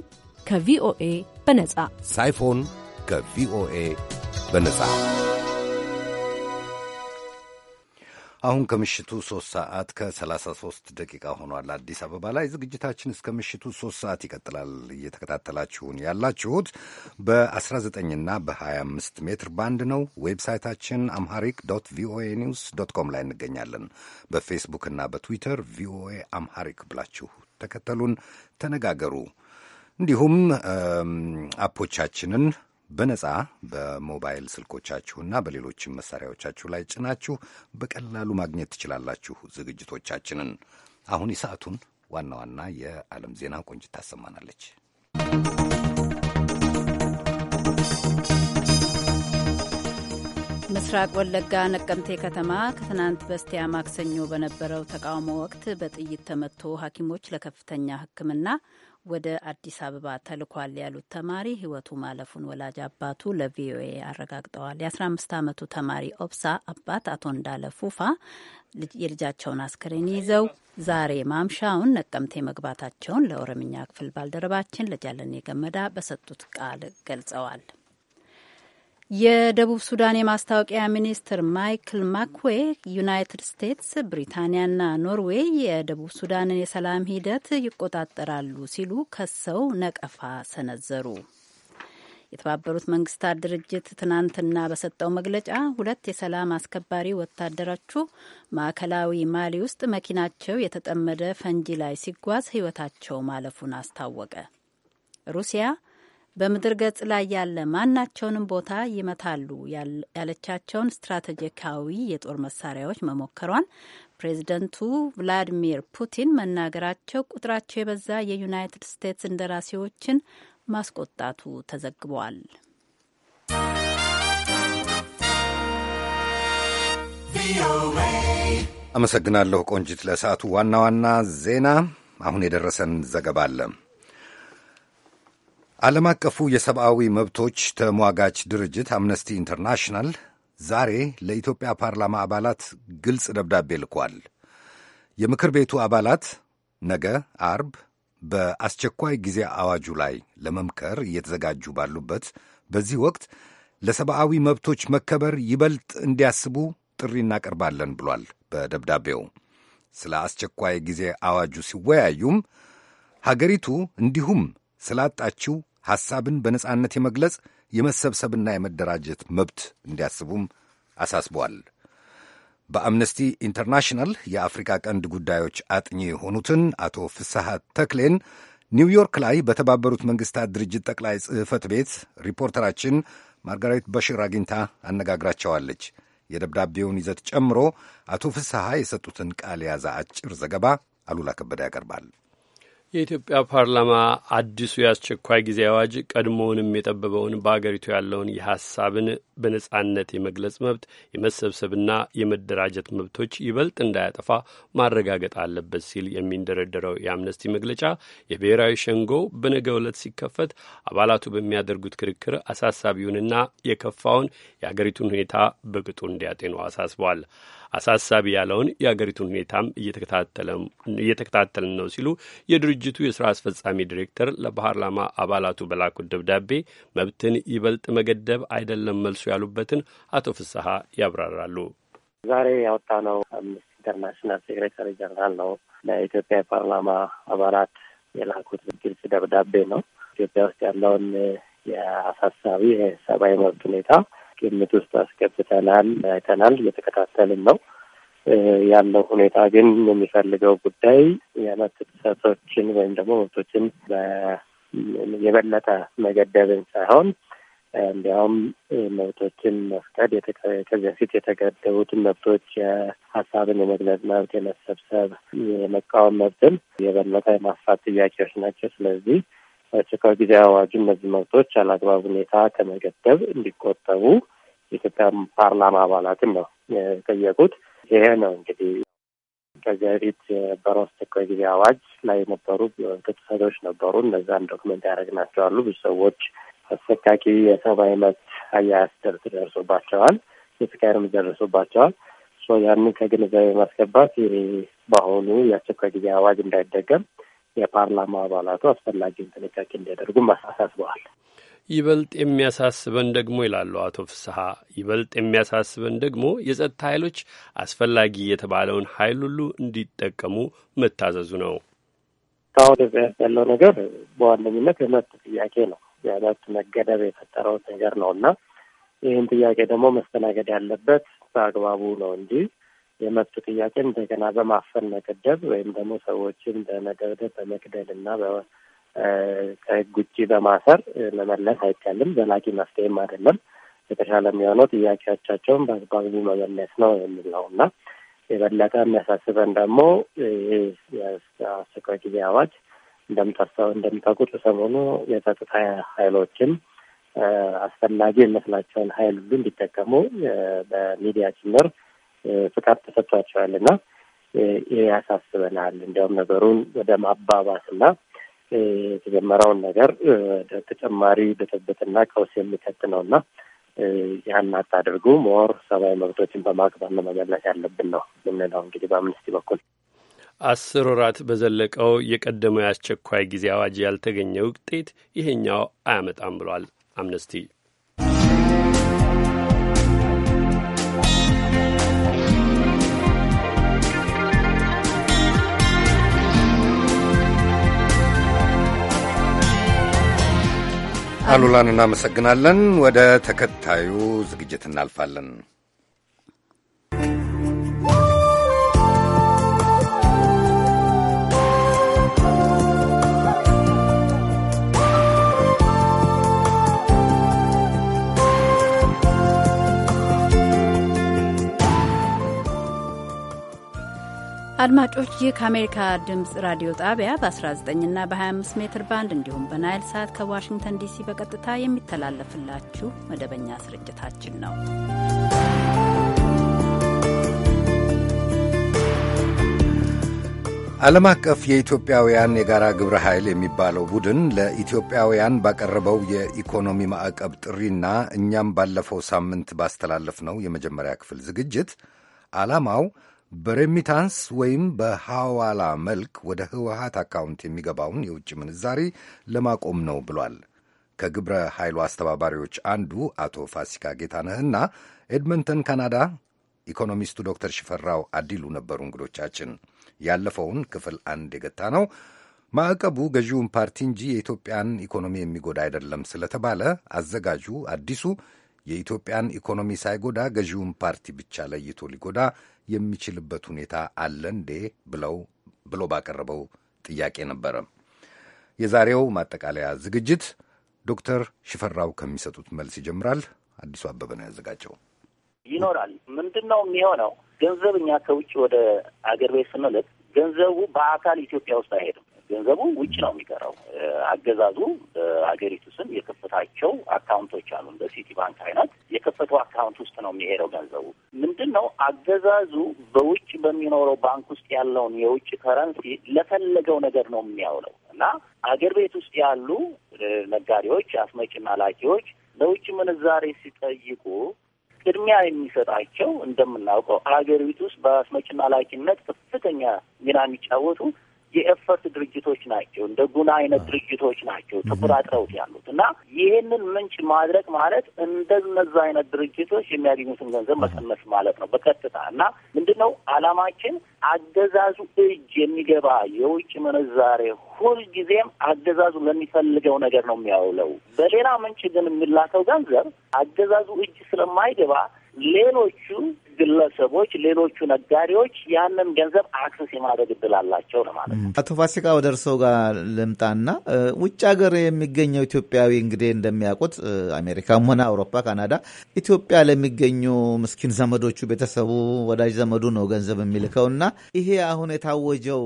ከቪኦኤ በነጻ ሳይፎን ከቪኦኤ በነጻ አሁን ከምሽቱ ሶስት ሰዓት ከ33 ደቂቃ ሆኗል። አዲስ አበባ ላይ ዝግጅታችን እስከ ምሽቱ 3 ሰዓት ይቀጥላል። እየተከታተላችሁን ያላችሁት በ19ና በ25 ሜትር ባንድ ነው። ዌብሳይታችን አምሃሪክ ዶት ቪኦኤ ኒውስ ዶት ኮም ላይ እንገኛለን። በፌስቡክና በትዊተር ቪኦኤ አምሃሪክ ብላችሁ ተከተሉን፣ ተነጋገሩ። እንዲሁም አፖቻችንን በነጻ በሞባይል ስልኮቻችሁና በሌሎችም መሳሪያዎቻችሁ ላይ ጭናችሁ በቀላሉ ማግኘት ትችላላችሁ ዝግጅቶቻችንን። አሁን የሰዓቱን ዋና ዋና የዓለም ዜና ቆንጅት ታሰማናለች። ምስራቅ ወለጋ ነቀምቴ ከተማ ከትናንት በስቲያ ማክሰኞ በነበረው ተቃውሞ ወቅት በጥይት ተመቶ ሐኪሞች ለከፍተኛ ሕክምና ወደ አዲስ አበባ ተልኳል ያሉት ተማሪ ህይወቱ ማለፉን ወላጅ አባቱ ለቪኦኤ አረጋግጠዋል። የ15 ዓመቱ ተማሪ ኦብሳ አባት አቶ እንዳለ ፉፋ የልጃቸውን አስክሬን ይዘው ዛሬ ማምሻውን ነቀምቴ መግባታቸውን ለኦሮምኛ ክፍል ባልደረባችን ለጃለኔ ገመዳ በሰጡት ቃል ገልጸዋል። የደቡብ ሱዳን የማስታወቂያ ሚኒስትር ማይክል ማክዌ ዩናይትድ ስቴትስ፣ ብሪታንያና ኖርዌይ የደቡብ ሱዳንን የሰላም ሂደት ይቆጣጠራሉ ሲሉ ከሰው ነቀፋ ሰነዘሩ። የተባበሩት መንግስታት ድርጅት ትናንትና በሰጠው መግለጫ ሁለት የሰላም አስከባሪ ወታደሮቹ ማዕከላዊ ማሊ ውስጥ መኪናቸው የተጠመደ ፈንጂ ላይ ሲጓዝ ሕይወታቸው ማለፉን አስታወቀ። ሩሲያ በምድር ገጽ ላይ ያለ ማናቸውንም ቦታ ይመታሉ ያለቻቸውን ስትራቴጂካዊ የጦር መሳሪያዎች መሞከሯን ፕሬዚደንቱ ቭላዲሚር ፑቲን መናገራቸው ቁጥራቸው የበዛ የዩናይትድ ስቴትስ እንደራሴዎችን ማስቆጣቱ ተዘግቧል። አመሰግናለሁ ቆንጂት። ለሰዓቱ ዋና ዋና ዜና አሁን የደረሰን ዘገባ አለ። ዓለም አቀፉ የሰብአዊ መብቶች ተሟጋች ድርጅት አምነስቲ ኢንተርናሽናል ዛሬ ለኢትዮጵያ ፓርላማ አባላት ግልጽ ደብዳቤ ልኳል። የምክር ቤቱ አባላት ነገ አርብ በአስቸኳይ ጊዜ አዋጁ ላይ ለመምከር እየተዘጋጁ ባሉበት በዚህ ወቅት ለሰብአዊ መብቶች መከበር ይበልጥ እንዲያስቡ ጥሪ እናቀርባለን ብሏል በደብዳቤው። ስለ አስቸኳይ ጊዜ አዋጁ ሲወያዩም ሀገሪቱ እንዲሁም ስላጣችው ሐሳብን በነጻነት የመግለጽ የመሰብሰብና የመደራጀት መብት እንዲያስቡም አሳስበዋል። በአምነስቲ ኢንተርናሽናል የአፍሪካ ቀንድ ጉዳዮች አጥኚ የሆኑትን አቶ ፍስሐ ተክሌን ኒውዮርክ ላይ በተባበሩት መንግስታት ድርጅት ጠቅላይ ጽሕፈት ቤት ሪፖርተራችን ማርጋሬት በሽር አግኝታ አነጋግራቸዋለች። የደብዳቤውን ይዘት ጨምሮ አቶ ፍስሐ የሰጡትን ቃል የያዘ አጭር ዘገባ አሉላ ከበደ ያቀርባል። የኢትዮጵያ ፓርላማ አዲሱ የአስቸኳይ ጊዜ አዋጅ ቀድሞውንም የጠበበውን በአገሪቱ ያለውን የሀሳብን በነጻነት የመግለጽ መብት የመሰብሰብና የመደራጀት መብቶች ይበልጥ እንዳያጠፋ ማረጋገጥ አለበት ሲል የሚንደረደረው የአምነስቲ መግለጫ የብሔራዊ ሸንጎ በነገ ዕለት ሲከፈት አባላቱ በሚያደርጉት ክርክር አሳሳቢውንና የከፋውን የአገሪቱን ሁኔታ በቅጡ እንዲያጤኑ አሳስቧል። አሳሳቢ ያለውን የአገሪቱን ሁኔታም እየተከታተልን ነው ሲሉ የድርጅቱ የስራ አስፈጻሚ ዲሬክተር ለፓርላማ አባላቱ በላኩት ደብዳቤ መብትን ይበልጥ መገደብ አይደለም መልሱ ያሉበትን አቶ ፍስሀ ያብራራሉ። ዛሬ ያወጣነው አምነስቲ ኢንተርናሽናል ሴክሬታሪ ጀነራል ነው ለኢትዮጵያ የፓርላማ አባላት የላኩት ግልጽ ደብዳቤ ነው። ኢትዮጵያ ውስጥ ያለውን የአሳሳቢ የሰብአዊ መብት ሁኔታ ግምት ውስጥ አስገብተናል፣ አይተናል፣ እየተከታተልን ነው ያለው ሁኔታ ግን የሚፈልገው ጉዳይ የመብት ጥሰቶችን ወይም ደግሞ መብቶችን የበለጠ መገደብን ሳይሆን እንዲያውም መብቶችን መፍቀድ ከዚህ በፊት የተገደቡትን መብቶች የሀሳብን የመግለጽ መብት፣ የመሰብሰብ፣ የመቃወም መብትን የበለጠ የማስፋት ጥያቄዎች ናቸው። ስለዚህ በአስቸኳይ ጊዜ አዋጁ እነዚህ መብቶች አላግባብ ሁኔታ ከመገደብ እንዲቆጠቡ የኢትዮጵያ ፓርላማ አባላትን ነው የጠየቁት። ይሄ ነው እንግዲህ ከዚያ በፊት የነበረው አስቸኳይ ጊዜ አዋጅ ላይ የነበሩ ጥሰቶች ነበሩ። እነዛን ዶክመንት ያደረግናቸው አሉ። ብዙ ሰዎች አሰቃቂ የሰብአዊ መብት አያያዝ ደርስ ደርሶባቸዋል፣ የስቃይም ደርሶባቸዋል። ያንን ከግንዛቤ ማስገባት ይሄ በአሁኑ የአስቸኳይ ጊዜ አዋጅ እንዳይደገም የፓርላማ አባላቱ አስፈላጊውን ጥንቃቄ እንዲያደርጉም አሳስበዋል። ይበልጥ የሚያሳስበን ደግሞ ይላሉ አቶ ፍስሀ ይበልጥ የሚያሳስበን ደግሞ የጸጥታ ኃይሎች አስፈላጊ የተባለውን ኃይል ሁሉ እንዲጠቀሙ መታዘዙ ነው። እስካሁን ያለው ነገር በዋነኝነት የመብት ጥያቄ ነው። የመብት መገደብ የፈጠረው ነገር ነው እና ይህን ጥያቄ ደግሞ መስተናገድ ያለበት በአግባቡ ነው እንጂ የመብት ጥያቄ እንደገና በማፈን መገደብ ወይም ደግሞ ሰዎችን በመደብደብ በመግደል እና ከህግ ውጭ በማሰር መመለስ አይቻልም። ዘላቂ መፍትሄም አይደለም። የተሻለ የሚሆነው ጥያቄዎቻቸውን በአግባቡ መመለስ ነው የሚል ነው እና የበለጠ የሚያሳስበን ደግሞ ይህ የአስቸኳይ ጊዜ አዋጅ እንደምታስታው እንደምታውቁት ሰሞኑ የጸጥታ ኃይሎችም አስፈላጊ የሚመስላቸውን ኃይል ሁሉ እንዲጠቀሙ በሚዲያ ጭምር ፍቃድ ተሰጥቷቸዋል እና ይህ ያሳስበናል። እንዲያውም ነገሩን ወደ ማባባስ እና የተጀመረውን ነገር ተጨማሪ ብጥብጥና ቀውስ የሚከት ነው እና ያን አታድርጉ፣ ሞር ሰብአዊ መብቶችን በማክበር ነው መመለስ ያለብን ነው የምንለው እንግዲህ በአምነስቲ በኩል አስር ወራት በዘለቀው የቀደመው የአስቸኳይ ጊዜ አዋጅ ያልተገኘ ውጤት ይሄኛው አያመጣም ብሏል አምነስቲ። አሉላን እናመሰግናለን። ወደ ተከታዩ ዝግጅት እናልፋለን። አድማጮች ይህ ከአሜሪካ ድምፅ ራዲዮ ጣቢያ በ19ና በ25 ሜትር ባንድ እንዲሁም በናይል ሳት ከዋሽንግተን ዲሲ በቀጥታ የሚተላለፍላችሁ መደበኛ ስርጭታችን ነው። ዓለም አቀፍ የኢትዮጵያውያን የጋራ ግብረ ኃይል የሚባለው ቡድን ለኢትዮጵያውያን ባቀረበው የኢኮኖሚ ማዕቀብ ጥሪና እኛም ባለፈው ሳምንት ባስተላለፍነው የመጀመሪያ ክፍል ዝግጅት ዓላማው በሬሚታንስ ወይም በሐዋላ መልክ ወደ ህወሀት አካውንት የሚገባውን የውጭ ምንዛሪ ለማቆም ነው ብሏል። ከግብረ ኃይሉ አስተባባሪዎች አንዱ አቶ ፋሲካ ጌታነህና ኤድመንተን ካናዳ ኢኮኖሚስቱ ዶክተር ሽፈራው አዲሉ ነበሩ እንግዶቻችን። ያለፈውን ክፍል አንድ የገታ ነው። ማዕቀቡ ገዢውን ፓርቲ እንጂ የኢትዮጵያን ኢኮኖሚ የሚጎዳ አይደለም ስለተባለ አዘጋጁ አዲሱ የኢትዮጵያን ኢኮኖሚ ሳይጎዳ ገዢውን ፓርቲ ብቻ ለይቶ ሊጎዳ የሚችልበት ሁኔታ አለ እንዴ ብለው ብሎ ባቀረበው ጥያቄ ነበረ። የዛሬው ማጠቃለያ ዝግጅት ዶክተር ሽፈራው ከሚሰጡት መልስ ይጀምራል። አዲሱ አበበ ነው ያዘጋጀው። ይኖራል። ምንድን ነው የሚሆነው? ገንዘብ እኛ ከውጭ ወደ አገር ቤት ስንልክ ገንዘቡ በአካል ኢትዮጵያ ውስጥ አይሄድም። ገንዘቡ ውጭ ነው የሚቀረው። አገዛዙ በሀገሪቱ ስም የከፈታቸው አካውንቶች አሉ። እንደ ሲቲ ባንክ አይነት የከፈቱ አካውንት ውስጥ ነው የሚሄደው ገንዘቡ። ምንድን ነው አገዛዙ በውጭ በሚኖረው ባንክ ውስጥ ያለውን የውጭ ከረንሲ ለፈለገው ነገር ነው የሚያውለው እና አገር ቤት ውስጥ ያሉ ነጋዴዎች፣ አስመጭና ላኪዎች ለውጭ ምንዛሬ ሲጠይቁ ቅድሚያ የሚሰጣቸው እንደምናውቀው አገሪቱ ውስጥ በአስመጭና ላኪነት ከፍተኛ ሚና የሚጫወቱ የኤፈርት ድርጅቶች ናቸው። እንደ ጉና አይነት ድርጅቶች ናቸው ትኩር አጥረውት ያሉት እና ይህንን ምንጭ ማድረግ ማለት እንደነዛ አይነት ድርጅቶች የሚያገኙትን ገንዘብ መቀነስ ማለት ነው በቀጥታ እና ምንድነው አላማችን አገዛዙ እጅ የሚገባ የውጭ ምንዛሬ ሁልጊዜም አገዛዙ ለሚፈልገው ነገር ነው የሚያውለው። በሌላ ምንጭ ግን የሚላከው ገንዘብ አገዛዙ እጅ ስለማይገባ ሌሎቹ ግለሰቦች፣ ሌሎቹ ነጋዴዎች ያንን ገንዘብ አክሰስ የማድረግ እድል አላቸው ነው ማለት ነው። አቶ ፋሲካ ወደ እርስዎ ጋር ልምጣና ውጭ ሀገር የሚገኘው ኢትዮጵያዊ እንግዲህ እንደሚያውቁት አሜሪካም ሆነ አውሮፓ፣ ካናዳ ኢትዮጵያ ለሚገኙ ምስኪን ዘመዶቹ፣ ቤተሰቡ፣ ወዳጅ ዘመዱ ነው ገንዘብ የሚልከውና ይሄ አሁን የታወጀው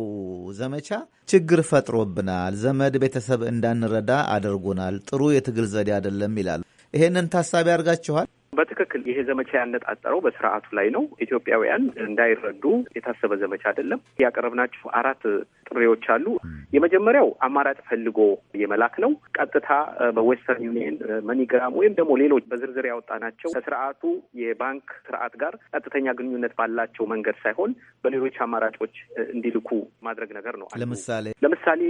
ዘመቻ ችግር ፈጥሮብናል፣ ዘመድ ቤተሰብ እንዳንረዳ አድርጎናል፣ ጥሩ የትግል ዘዴ አይደለም ይላሉ። ይሄንን ታሳቢ አድርጋችኋል? በትክክል ይሄ ዘመቻ ያነጣጠረው በስርዓቱ ላይ ነው። ኢትዮጵያውያን እንዳይረዱ የታሰበ ዘመቻ አይደለም። ያቀረብናቸው አራት ጥሪዎች አሉ። የመጀመሪያው አማራጭ ፈልጎ የመላክ ነው። ቀጥታ በዌስተርን ዩኒየን፣ መኒግራም ወይም ደግሞ ሌሎች በዝርዝር ያወጣናቸው ከስርዓቱ የባንክ ስርዓት ጋር ቀጥተኛ ግንኙነት ባላቸው መንገድ ሳይሆን በሌሎች አማራጮች እንዲልኩ ማድረግ ነገር ነው። ለምሳሌ ለምሳሌ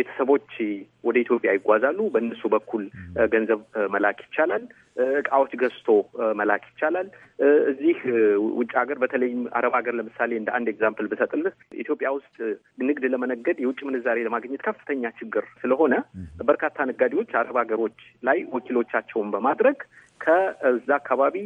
ቤተሰቦች ወደ ኢትዮጵያ ይጓዛሉ። በእነሱ በኩል ገንዘብ መላክ ይቻላል። እቃዎች ገዝቶ መላክ ይቻላል። እዚህ ውጭ ሀገር በተለይም አረብ ሀገር ለምሳሌ እንደ አንድ ኤግዛምፕል ብሰጥልህ ኢትዮጵያ ውስጥ ንግድ ለመነገድ የውጭ ምንዛሬ ለማግኘት ከፍተኛ ችግር ስለሆነ በርካታ ነጋዴዎች አረብ ሀገሮች ላይ ወኪሎቻቸውን በማድረግ ከዛ አካባቢ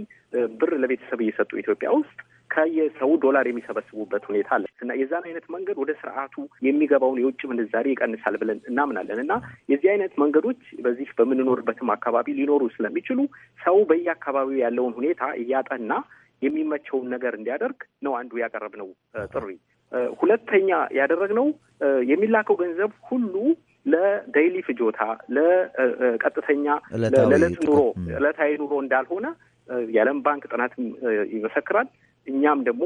ብር ለቤተሰብ እየሰጡ ኢትዮጵያ ውስጥ ከየሰው ዶላር የሚሰበስቡበት ሁኔታ አለ እና የዛን አይነት መንገድ ወደ ስርዓቱ የሚገባውን የውጭ ምንዛሬ ይቀንሳል ብለን እናምናለን እና የዚህ አይነት መንገዶች በዚህ በምንኖርበትም አካባቢ ሊኖሩ ስለሚችሉ ሰው በየአካባቢው ያለውን ሁኔታ እያጠና የሚመቸውን ነገር እንዲያደርግ ነው አንዱ ያቀረብነው ጥሪ። ሁለተኛ ያደረግነው የሚላከው ገንዘብ ሁሉ ለደይሊ ፍጆታ ለቀጥተኛ ለዕለት ኑሮ ዕለታዊ ኑሮ እንዳልሆነ የዓለም ባንክ ጥናትም ይመሰክራል። እኛም ደግሞ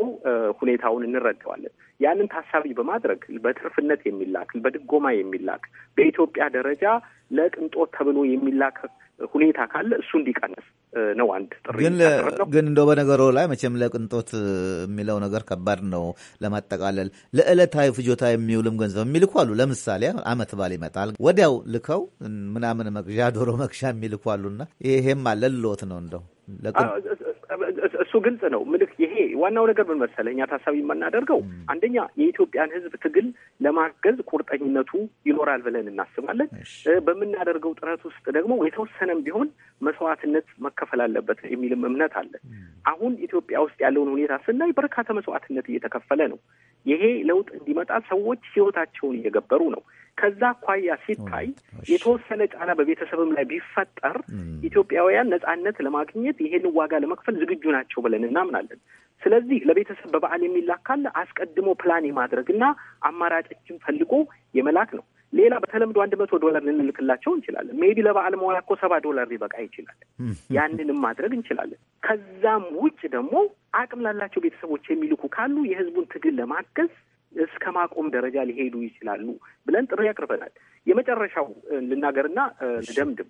ሁኔታውን እንረዳዋለን። ያንን ታሳቢ በማድረግ በትርፍነት የሚላክ በድጎማ የሚላክ በኢትዮጵያ ደረጃ ለቅንጦት ተብሎ የሚላክ ሁኔታ ካለ እሱ እንዲቀንስ ነው። አንድ ጥሪ ግን እንደው በነገሮ ላይ መቼም ለቅንጦት የሚለው ነገር ከባድ ነው ለማጠቃለል። ለዕለታዊ ፍጆታ የሚውልም ገንዘብ የሚልኩ አሉ። ለምሳሌ አመት በዓል ይመጣል፣ ወዲያው ልከው ምናምን መግዣ ዶሮ መግዣ የሚልኩ አሉና ይሄም አለ ልሎት ነው እንደው ግልጽ ነው። ምልክ ይሄ ዋናው ነገር ምን መሰለህ፣ እኛ ታሳቢ የምናደርገው አንደኛ የኢትዮጵያን ሕዝብ ትግል ለማገዝ ቁርጠኝነቱ ይኖራል ብለን እናስባለን። በምናደርገው ጥረት ውስጥ ደግሞ የተወሰነም ቢሆን መስዋዕትነት መከፈል አለበት የሚልም እምነት አለ። አሁን ኢትዮጵያ ውስጥ ያለውን ሁኔታ ስናይ በርካታ መስዋዕትነት እየተከፈለ ነው። ይሄ ለውጥ እንዲመጣ ሰዎች ህይወታቸውን እየገበሩ ነው። ከዛ አኳያ ሲታይ የተወሰነ ጫና በቤተሰብም ላይ ቢፈጠር ኢትዮጵያውያን ነጻነት ለማግኘት ይሄን ዋጋ ለመክፈል ዝግጁ ናቸው ብለን እናምናለን። ስለዚህ ለቤተሰብ በበዓል የሚላክ ካለ አስቀድሞ ፕላን የማድረግ እና አማራጮችን ፈልጎ የመላክ ነው። ሌላ በተለምዶ አንድ መቶ ዶላር ልንልክላቸው እንችላለን። ሜቢ ለበዓል መሆን እኮ ሰባ ዶላር ሊበቃ ይችላል። ያንንም ማድረግ እንችላለን። ከዛም ውጭ ደግሞ አቅም ላላቸው ቤተሰቦች የሚልኩ ካሉ የህዝቡን ትግል ለማገዝ እስከ ማቆም ደረጃ ሊሄዱ ይችላሉ ብለን ጥሪ ያቅርበናል። የመጨረሻው ልናገርና ልደምድም።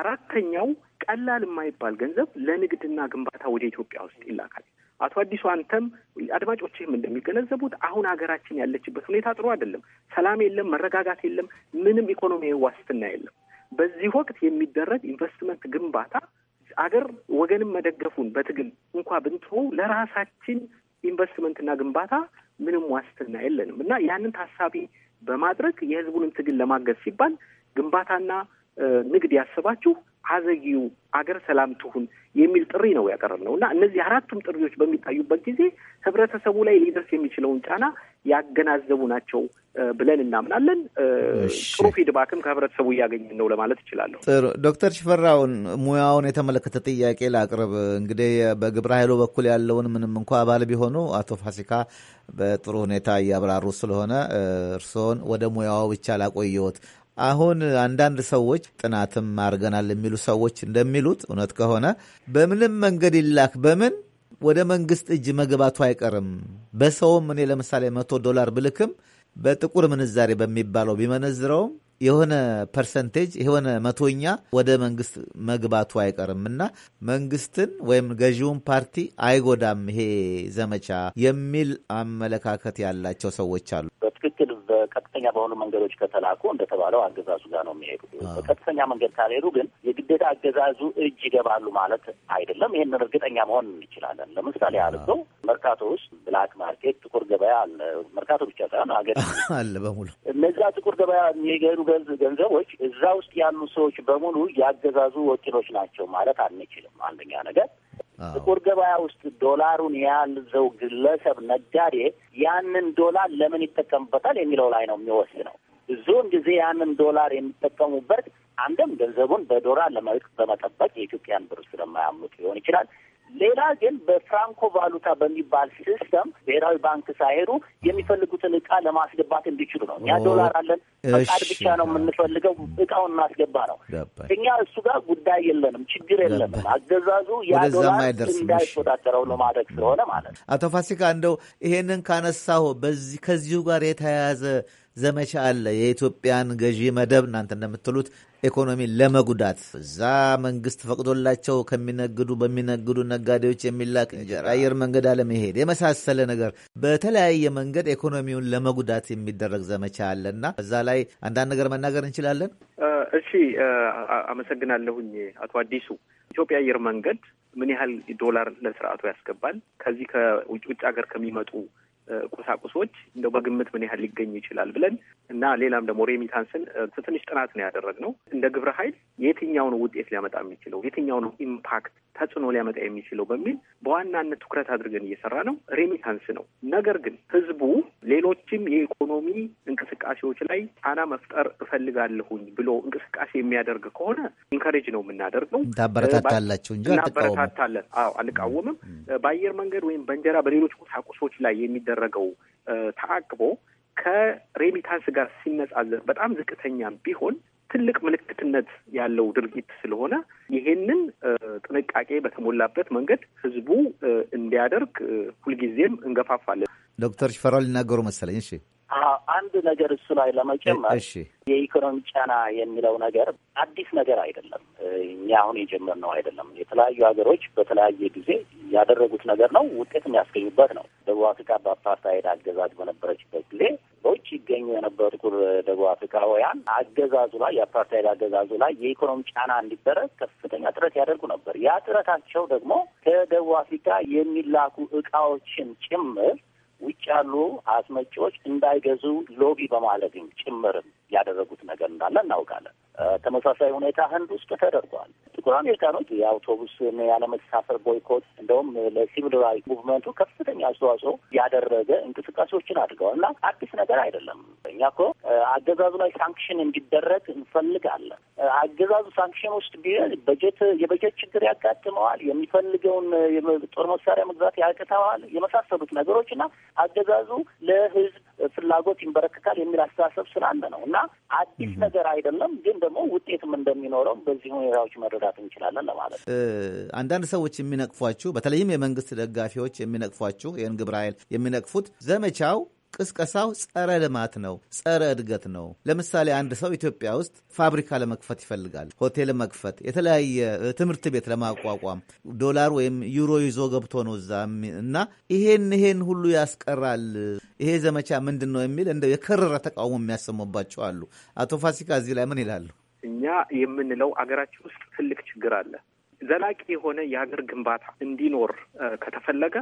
አራተኛው ቀላል የማይባል ገንዘብ ለንግድና ግንባታ ወደ ኢትዮጵያ ውስጥ ይላካል። አቶ አዲሱ አንተም አድማጮችህም እንደሚገነዘቡት አሁን ሀገራችን ያለችበት ሁኔታ ጥሩ አይደለም። ሰላም የለም፣ መረጋጋት የለም፣ ምንም ኢኮኖሚያዊ ዋስትና የለም። በዚህ ወቅት የሚደረግ ኢንቨስትመንት ግንባታ አገር ወገንም መደገፉን በትግል እንኳ ብንትሆ ለራሳችን ኢንቨስትመንትና ግንባታ ምንም ዋስትና የለንም እና ያንን ታሳቢ በማድረግ የህዝቡንም ትግል ለማገዝ ሲባል ግንባታና ንግድ ያስባችሁ አዘጊው አገር ሰላም ትሁን የሚል ጥሪ ነው ያቀረብነው እና እነዚህ አራቱም ጥሪዎች በሚታዩበት ጊዜ ህብረተሰቡ ላይ ሊደርስ የሚችለውን ጫና ያገናዘቡ ናቸው ብለን እናምናለን። ጥሩ ፊድባክም ከህብረተሰቡ እያገኘን ነው ለማለት እችላለሁ። ጥሩ ዶክተር ሽፈራውን ሙያውን የተመለከተ ጥያቄ ላቅርብ። እንግዲህ በግብረ ኃይሉ በኩል ያለውን ምንም እንኳ አባል ቢሆኑ አቶ ፋሲካ በጥሩ ሁኔታ እያብራሩ ስለሆነ እርስዎን ወደ ሙያው ብቻ ላቆየዎት። አሁን አንዳንድ ሰዎች ጥናትም አድርገናል የሚሉ ሰዎች እንደሚሉት እውነት ከሆነ በምንም መንገድ ይላክ በምን ወደ መንግስት እጅ መግባቱ አይቀርም። በሰውም እኔ ለምሳሌ መቶ ዶላር ብልክም በጥቁር ምንዛሬ በሚባለው ቢመነዝረውም የሆነ ፐርሰንቴጅ የሆነ መቶኛ ወደ መንግስት መግባቱ አይቀርም እና መንግስትን ወይም ገዢውን ፓርቲ አይጎዳም ይሄ ዘመቻ የሚል አመለካከት ያላቸው ሰዎች አሉ። በትክክል በቀጥተኛ በሆኑ መንገዶች ከተላኩ እንደተባለው አገዛዙ ጋር ነው የሚሄዱ። በቀጥተኛ መንገድ ካልሄዱ ግን የግዴታ አገዛዙ እጅ ይገባሉ ማለት አይደለም። ይህንን እርግጠኛ መሆን እንችላለን። ለምሳሌ አልገው መርካቶ ውስጥ ብላክ ማርኬት፣ ጥቁር ገበያ አለ። መርካቶ ብቻ ሳይሆን አገር አለ በሙሉ እነዚያ ጥቁር ገበያ የሚሄዱ ገንዘቦች እዛ ውስጥ ያሉ ሰዎች በሙሉ ያገዛዙ ወኪሎች ናቸው ማለት አንችልም። አንደኛ ነገር ጥቁር ገበያ ውስጥ ዶላሩን የያዘው ግለሰብ ነጋዴ ያንን ዶላር ለምን ይጠቀምበታል የሚለው ላይ ነው የሚወስነው። ብዙውን ጊዜ ያንን ዶላር የሚጠቀሙበት አንድም ገንዘቡን በዶላር ለመልክ በመጠበቅ የኢትዮጵያን ብር ስለማያምኑት ሊሆን ይችላል። ሌላ ግን በፍራንኮ ቫሉታ በሚባል ሲስተም ብሔራዊ ባንክ ሳይሄዱ የሚፈልጉትን እቃ ለማስገባት እንዲችሉ ነው። እኛ ዶላር አለን፣ ፈቃድ ብቻ ነው የምንፈልገው፣ እቃውን እናስገባ ነው። እኛ እሱ ጋር ጉዳይ የለንም፣ ችግር የለንም። አገዛዙ ያ ዶላር እንዳይቆጣጠረው ማድረግ ስለሆነ ማለት ነው። አቶ ፋሲካ እንደው ይሄንን ካነሳሁ በዚህ ከዚሁ ጋር የተያያዘ ዘመቻ አለ። የኢትዮጵያን ገዢ መደብ እናንተ እንደምትሉት ኢኮኖሚ ለመጉዳት እዛ መንግስት ፈቅዶላቸው ከሚነግዱ በሚነግዱ ነጋዴዎች የሚላክ እንጀራ፣ አየር መንገድ አለመሄድ የመሳሰለ ነገር በተለያየ መንገድ ኢኮኖሚውን ለመጉዳት የሚደረግ ዘመቻ አለ እና እዛ ላይ አንዳንድ ነገር መናገር እንችላለን። እሺ፣ አመሰግናለሁኝ አቶ አዲሱ። ኢትዮጵያ አየር መንገድ ምን ያህል ዶላር ለስርዓቱ ያስገባል? ከዚህ ከውጭ ሀገር ከሚመጡ ቁሳቁሶች እንደው በግምት ምን ያህል ሊገኝ ይችላል ብለን እና ሌላም ደግሞ ሬሚታንስን ትንሽ ጥናት ነው ያደረግነው። እንደ ግብረ ኃይል የትኛው ነው ውጤት ሊያመጣ የሚችለው የትኛው ነው ኢምፓክት ተጽዕኖ ሊያመጣ የሚችለው በሚል በዋናነት ትኩረት አድርገን እየሰራ ነው፣ ሬሚታንስ ነው። ነገር ግን ህዝቡ ሌሎችም የኢኮኖሚ እንቅስቃሴዎች ላይ ጫና መፍጠር እፈልጋለሁኝ ብሎ እንቅስቃሴ የሚያደርግ ከሆነ ኢንከሬጅ ነው የምናደርገው። ታበረታታላችሁ እንጂ እናበረታታለን። አዎ፣ አንቃወምም። በአየር መንገድ ወይም በእንጀራ በሌሎች ቁሳቁሶች ላይ የሚደ የሚደረገው ተአቅቦ ከሬሚታንስ ጋር ሲነጻዘር በጣም ዝቅተኛ ቢሆን ትልቅ ምልክትነት ያለው ድርጊት ስለሆነ ይሄንን ጥንቃቄ በተሞላበት መንገድ ህዝቡ እንዲያደርግ ሁልጊዜም እንገፋፋለን። ዶክተር ሽፈራው ሊናገሩ መሰለኝ። እሺ አንድ ነገር እሱ ላይ ለመጨመር የኢኮኖሚ ጫና የሚለው ነገር አዲስ ነገር አይደለም። እኛ አሁን የጀመርነው አይደለም። የተለያዩ ሀገሮች በተለያየ ጊዜ ያደረጉት ነገር ነው። ውጤት የሚያስገኙበት ነው። ደቡብ አፍሪካ በአፓርታይድ አገዛዝ በነበረችበት ጊዜ በውጭ ይገኙ የነበሩ ጥቁር ደቡብ አፍሪካውያን አገዛዙ ላይ የአፓርታይድ አገዛዙ ላይ የኢኮኖሚ ጫና እንዲደረግ ከፍተኛ ጥረት ያደርጉ ነበር። ያ ጥረታቸው ደግሞ ከደቡብ አፍሪካ የሚላኩ እቃዎችን ጭምር ውጭ ያሉ አስመጪዎች እንዳይገዙ ሎቢ በማለትም ጭምርም ያደረጉት ነገር እንዳለ እናውቃለን። ተመሳሳይ ሁኔታ ህንድ ውስጥ ተደርጓል። ጥቁር አሜሪካኖች የአውቶቡስን ያለመሳፈር ቦይኮት እንደውም ለሲቪል ራይት ሙቭመንቱ ከፍተኛ አስተዋጽኦ ያደረገ እንቅስቃሴዎችን አድርገዋል እና አዲስ ነገር አይደለም። እኛ እኮ አገዛዙ ላይ ሳንክሽን እንዲደረግ እንፈልጋለን። አገዛዙ ሳንክሽን ውስጥ ቢሆን በጀት የበጀት ችግር ያጋጥመዋል፣ የሚፈልገውን ጦር መሳሪያ መግዛት ያቅተዋል፣ የመሳሰሉት ነገሮች እና አገዛዙ ለህዝብ ፍላጎት ይንበረከካል የሚል አስተሳሰብ ስላለ ነው እና አዲስ ነገር አይደለም። ግን ደግሞ ውጤትም እንደሚኖረው በዚህ ሁኔታዎች መረዳት እንችላለን ለማለት ነው። አንዳንድ ሰዎች የሚነቅፏችሁ፣ በተለይም የመንግስት ደጋፊዎች የሚነቅፏችሁ፣ ይህን ግብረ ኃይል የሚነቅፉት ዘመቻው ቅስቀሳው ጸረ ልማት ነው፣ ጸረ እድገት ነው። ለምሳሌ አንድ ሰው ኢትዮጵያ ውስጥ ፋብሪካ ለመክፈት ይፈልጋል፣ ሆቴል መክፈት፣ የተለያየ ትምህርት ቤት ለማቋቋም ዶላር ወይም ዩሮ ይዞ ገብቶ ነው እዛ እና ይሄን ይሄን ሁሉ ያስቀራል። ይሄ ዘመቻ ምንድን ነው የሚል እንደው የከረረ ተቃውሞ የሚያሰሙባቸው አሉ። አቶ ፋሲካ እዚህ ላይ ምን ይላሉ? እኛ የምንለው አገራችን ውስጥ ትልቅ ችግር አለ። ዘላቂ የሆነ የሀገር ግንባታ እንዲኖር ከተፈለገ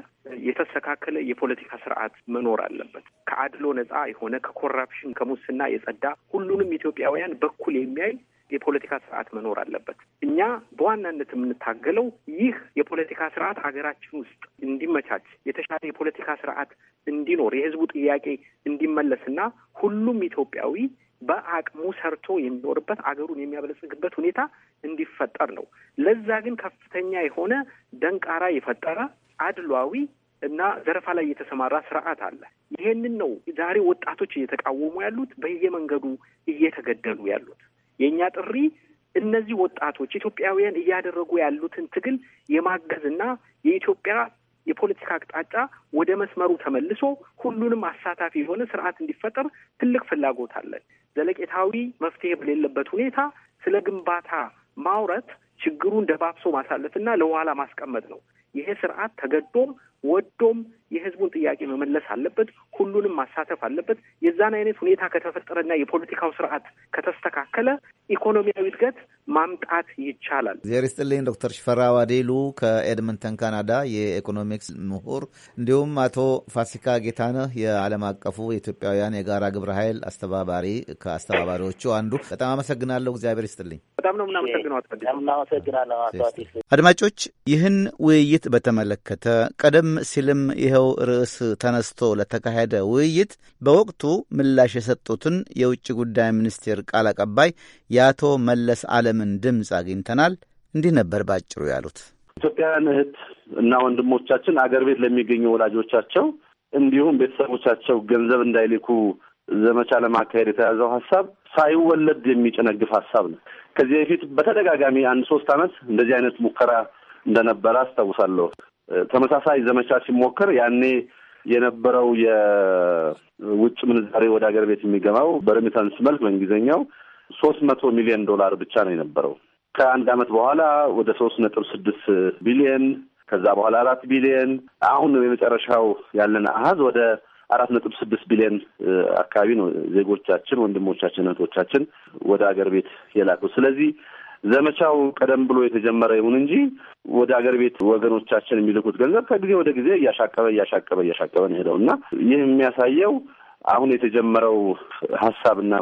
የተስተካከለ የፖለቲካ ስርዓት መኖር አለበት። ከአድሎ ነጻ የሆነ ከኮራፕሽን ከሙስና የጸዳ ሁሉንም ኢትዮጵያውያን በኩል የሚያይ የፖለቲካ ስርዓት መኖር አለበት። እኛ በዋናነት የምንታገለው ይህ የፖለቲካ ስርዓት ሀገራችን ውስጥ እንዲመቻች የተሻለ የፖለቲካ ስርዓት እንዲኖር የህዝቡ ጥያቄ እንዲመለስና ሁሉም ኢትዮጵያዊ በአቅሙ ሰርቶ የሚኖርበት አገሩን የሚያበለጽግበት ሁኔታ እንዲፈጠር ነው። ለዛ ግን ከፍተኛ የሆነ ደንቃራ የፈጠረ አድሏዊ እና ዘረፋ ላይ የተሰማራ ስርዓት አለ። ይሄንን ነው ዛሬ ወጣቶች እየተቃወሙ ያሉት፣ በየመንገዱ እየተገደሉ ያሉት። የእኛ ጥሪ እነዚህ ወጣቶች ኢትዮጵያውያን እያደረጉ ያሉትን ትግል የማገዝና የኢትዮጵያ የፖለቲካ አቅጣጫ ወደ መስመሩ ተመልሶ ሁሉንም አሳታፊ የሆነ ስርዓት እንዲፈጠር ትልቅ ፍላጎት አለን። ዘለቄታዊ መፍትሄ በሌለበት ሁኔታ ስለ ግንባታ ማውረት ችግሩን ደባብሶ ማሳለፍና ለኋላ ማስቀመጥ ነው። ይሄ ስርዓት ተገዶም ወዶም የህዝቡን ጥያቄ መመለስ አለበት። ሁሉንም ማሳተፍ አለበት። የዛን አይነት ሁኔታ ከተፈጠረና የፖለቲካው ስርዓት ከተስተካከለ ኢኮኖሚያዊ እድገት ማምጣት ይቻላል። ዜር ይስጥልኝ ዶክተር ሽፈራ ዋዴሉ ከኤድመንተን ካናዳ የኢኮኖሚክስ ምሁር፣ እንዲሁም አቶ ፋሲካ ጌታነህ የዓለም አቀፉ የኢትዮጵያውያን የጋራ ግብረ ኃይል አስተባባሪ ከአስተባባሪዎቹ አንዱ። በጣም አመሰግናለሁ። እግዚአብሔር ይስጥልኝ። በጣም ነው ምናመሰግነው። አድማጮች ይህን ውይይት በተመለከተ ቀደም ሲልም ይኸው በሚለው ርዕስ ተነስቶ ለተካሄደ ውይይት በወቅቱ ምላሽ የሰጡትን የውጭ ጉዳይ ሚኒስቴር ቃል አቀባይ የአቶ መለስ ዓለምን ድምፅ አግኝተናል። እንዲህ ነበር ባጭሩ ያሉት። ኢትዮጵያውያን እህት እና ወንድሞቻችን አገር ቤት ለሚገኙ ወላጆቻቸው እንዲሁም ቤተሰቦቻቸው ገንዘብ እንዳይልኩ ዘመቻ ለማካሄድ የተያዘው ሀሳብ ሳይወለድ የሚጨነግፍ ሀሳብ ነው። ከዚህ በፊት በተደጋጋሚ አንድ ሶስት ዓመት እንደዚህ አይነት ሙከራ እንደነበረ አስታውሳለሁ። ተመሳሳይ ዘመቻ ሲሞከር ያኔ የነበረው የውጭ ምንዛሬ ወደ ሀገር ቤት የሚገባው በሬሚታንስ መልክ በእንግሊዝኛው ሶስት መቶ ሚሊዮን ዶላር ብቻ ነው የነበረው። ከአንድ አመት በኋላ ወደ ሶስት ነጥብ ስድስት ቢሊየን ከዛ በኋላ አራት ቢሊየን አሁን የመጨረሻው ያለን አሀዝ ወደ አራት ነጥብ ስድስት ቢሊዮን አካባቢ ነው ዜጎቻችን፣ ወንድሞቻችን፣ እህቶቻችን ወደ ሀገር ቤት የላኩ። ስለዚህ ዘመቻው ቀደም ብሎ የተጀመረ ይሁን እንጂ ወደ አገር ቤት ወገኖቻችን የሚልኩት ገንዘብ ከጊዜ ወደ ጊዜ እያሻቀበ እያሻቀበ እያሻቀበ ነው ሄደው እና ይህ የሚያሳየው አሁን የተጀመረው ሀሳብና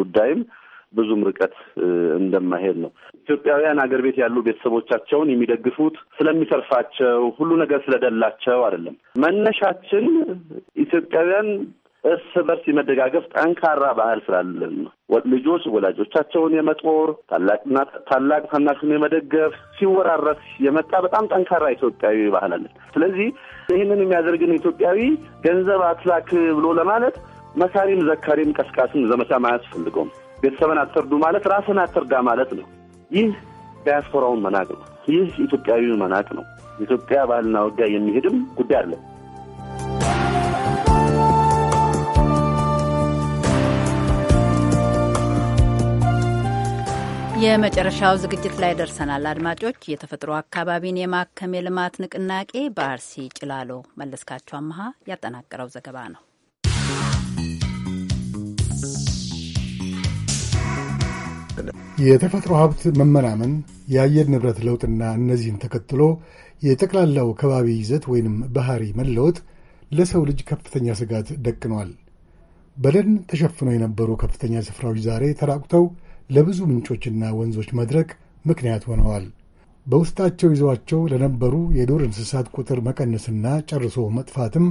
ጉዳይም ብዙም ርቀት እንደማይሄድ ነው። ኢትዮጵያውያን አገር ቤት ያሉ ቤተሰቦቻቸውን የሚደግፉት ስለሚሰርፋቸው፣ ሁሉ ነገር ስለደላቸው አይደለም። መነሻችን ኢትዮጵያውያን እርስ በርስ የመደጋገፍ ጠንካራ ባህል ስላለን ነው። ልጆች ወላጆቻቸውን የመጦር ታላቅና ታላቅ ታናሽን የመደገፍ ሲወራረስ የመጣ በጣም ጠንካራ ኢትዮጵያዊ ባህል አለን። ስለዚህ ይህንን የሚያደርግን ኢትዮጵያዊ ገንዘብ አትላክ ብሎ ለማለት መካሪም፣ ዘካሪም፣ ቀስቃስም ዘመቻ አያስፈልገውም። ቤተሰብን አትርዱ ማለት ራስን አትርዳ ማለት ነው። ይህ ዲያስፖራውን መናቅ ነው። ይህ ኢትዮጵያዊ መናቅ ነው። ኢትዮጵያ ባህልና ወጋ የሚሄድም ጉዳይ አለን። የመጨረሻው ዝግጅት ላይ ደርሰናል አድማጮች። የተፈጥሮ አካባቢን የማከም የልማት ንቅናቄ በአርሲ ጭላሎ። መለስካቸው አመሃ ያጠናቀረው ዘገባ ነው። የተፈጥሮ ሀብት መመናመን፣ የአየር ንብረት ለውጥና እነዚህን ተከትሎ የጠቅላላው ከባቢ ይዘት ወይንም ባህሪ መለወጥ ለሰው ልጅ ከፍተኛ ስጋት ደቅኗል። በደን ተሸፍነው የነበሩ ከፍተኛ ስፍራዎች ዛሬ ተራቁተው ለብዙ ምንጮችና ወንዞች መድረቅ ምክንያት ሆነዋል። በውስጣቸው ይዘዋቸው ለነበሩ የዱር እንስሳት ቁጥር መቀነስና ጨርሶ መጥፋትም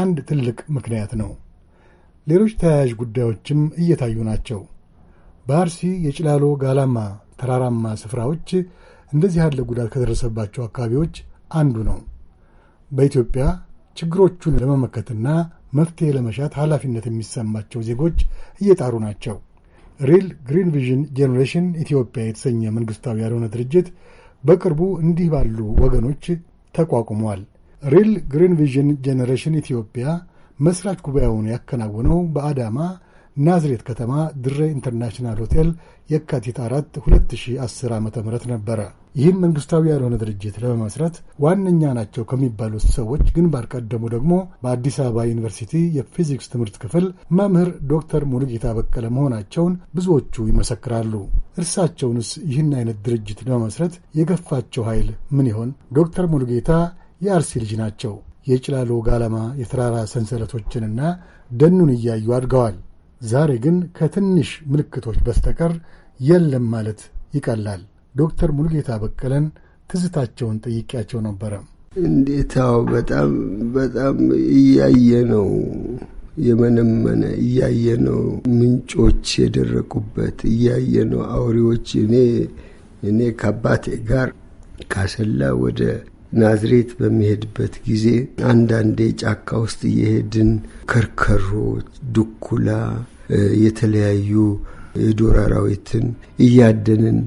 አንድ ትልቅ ምክንያት ነው። ሌሎች ተያያዥ ጉዳዮችም እየታዩ ናቸው። በአርሲ የጭላሎ ጋላማ ተራራማ ስፍራዎች እንደዚህ ያለ ጉዳት ከደረሰባቸው አካባቢዎች አንዱ ነው። በኢትዮጵያ ችግሮቹን ለመመከትና መፍትሄ ለመሻት ኃላፊነት የሚሰማቸው ዜጎች እየጣሩ ናቸው። ሪል ግሪን ቪዥን ጄኔሬሽን ኢትዮጵያ የተሰኘ መንግሥታዊ ያልሆነ ድርጅት በቅርቡ እንዲህ ባሉ ወገኖች ተቋቁሟል። ሪል ግሪን ቪዥን ጄኔሬሽን ኢትዮጵያ መስራች ጉባኤውን ያከናወነው በአዳማ ናዝሬት ከተማ ድሬ ኢንተርናሽናል ሆቴል የካቲት አራት 2010 ዓ ም ነበረ። ይህን መንግሥታዊ ያልሆነ ድርጅት ለመመስረት ዋነኛ ናቸው ከሚባሉት ሰዎች ግንባር ቀደሙ ደግሞ በአዲስ አበባ ዩኒቨርሲቲ የፊዚክስ ትምህርት ክፍል መምህር ዶክተር ሙሉጌታ በቀለ መሆናቸውን ብዙዎቹ ይመሰክራሉ። እርሳቸውንስ ይህን አይነት ድርጅት ለመመስረት የገፋቸው ኃይል ምን ይሆን? ዶክተር ሙሉጌታ የአርሲ ልጅ ናቸው። የጭላሎ ጋላማ የተራራ ሰንሰለቶችንና ደኑን እያዩ አድገዋል። ዛሬ ግን ከትንሽ ምልክቶች በስተቀር የለም ማለት ይቀላል። ዶክተር ሙሉጌታ በቀለን ትዝታቸውን ጠይቄያቸው ነበረ። እንዴታው በጣም በጣም እያየ ነው የመነመነ እያየ ነው ምንጮች የደረቁበት እያየ ነው አውሬዎች። እኔ እኔ ከአባቴ ጋር ካሰላ ወደ ናዝሬት በሚሄድበት ጊዜ አንዳንዴ ጫካ ውስጥ እየሄድን ከርከሮ ድኩላ፣ የተለያዩ የዱር አራዊትን እያደንን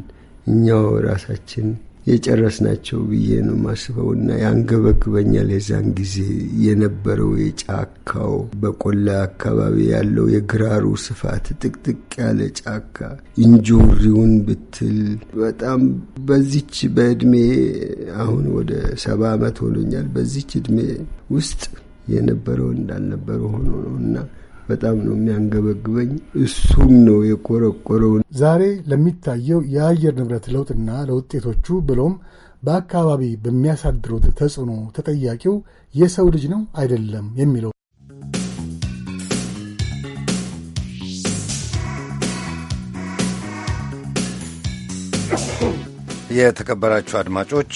እኛው ራሳችን የጨረስናቸው ብዬ ነው እና ያንገበግበኛል። የዛን ጊዜ የነበረው የጫካው በቆላ አካባቢ ያለው የግራሩ ስፋት ጥቅጥቅ ያለ ጫካ እንጆሪውን ብትል በጣም በዚች በእድሜ አሁን ወደ ሰባ ዓመት ሆኖኛል። በዚች እድሜ ውስጥ የነበረው እንዳልነበረ ሆኖ ነው እና በጣም ነው የሚያንገበግበኝ። እሱም ነው የቆረቆረው። ዛሬ ለሚታየው የአየር ንብረት ለውጥና ለውጤቶቹ ብሎም በአካባቢ በሚያሳድሩት ተጽዕኖ ተጠያቂው የሰው ልጅ ነው አይደለም የሚለው የተከበራችሁ አድማጮች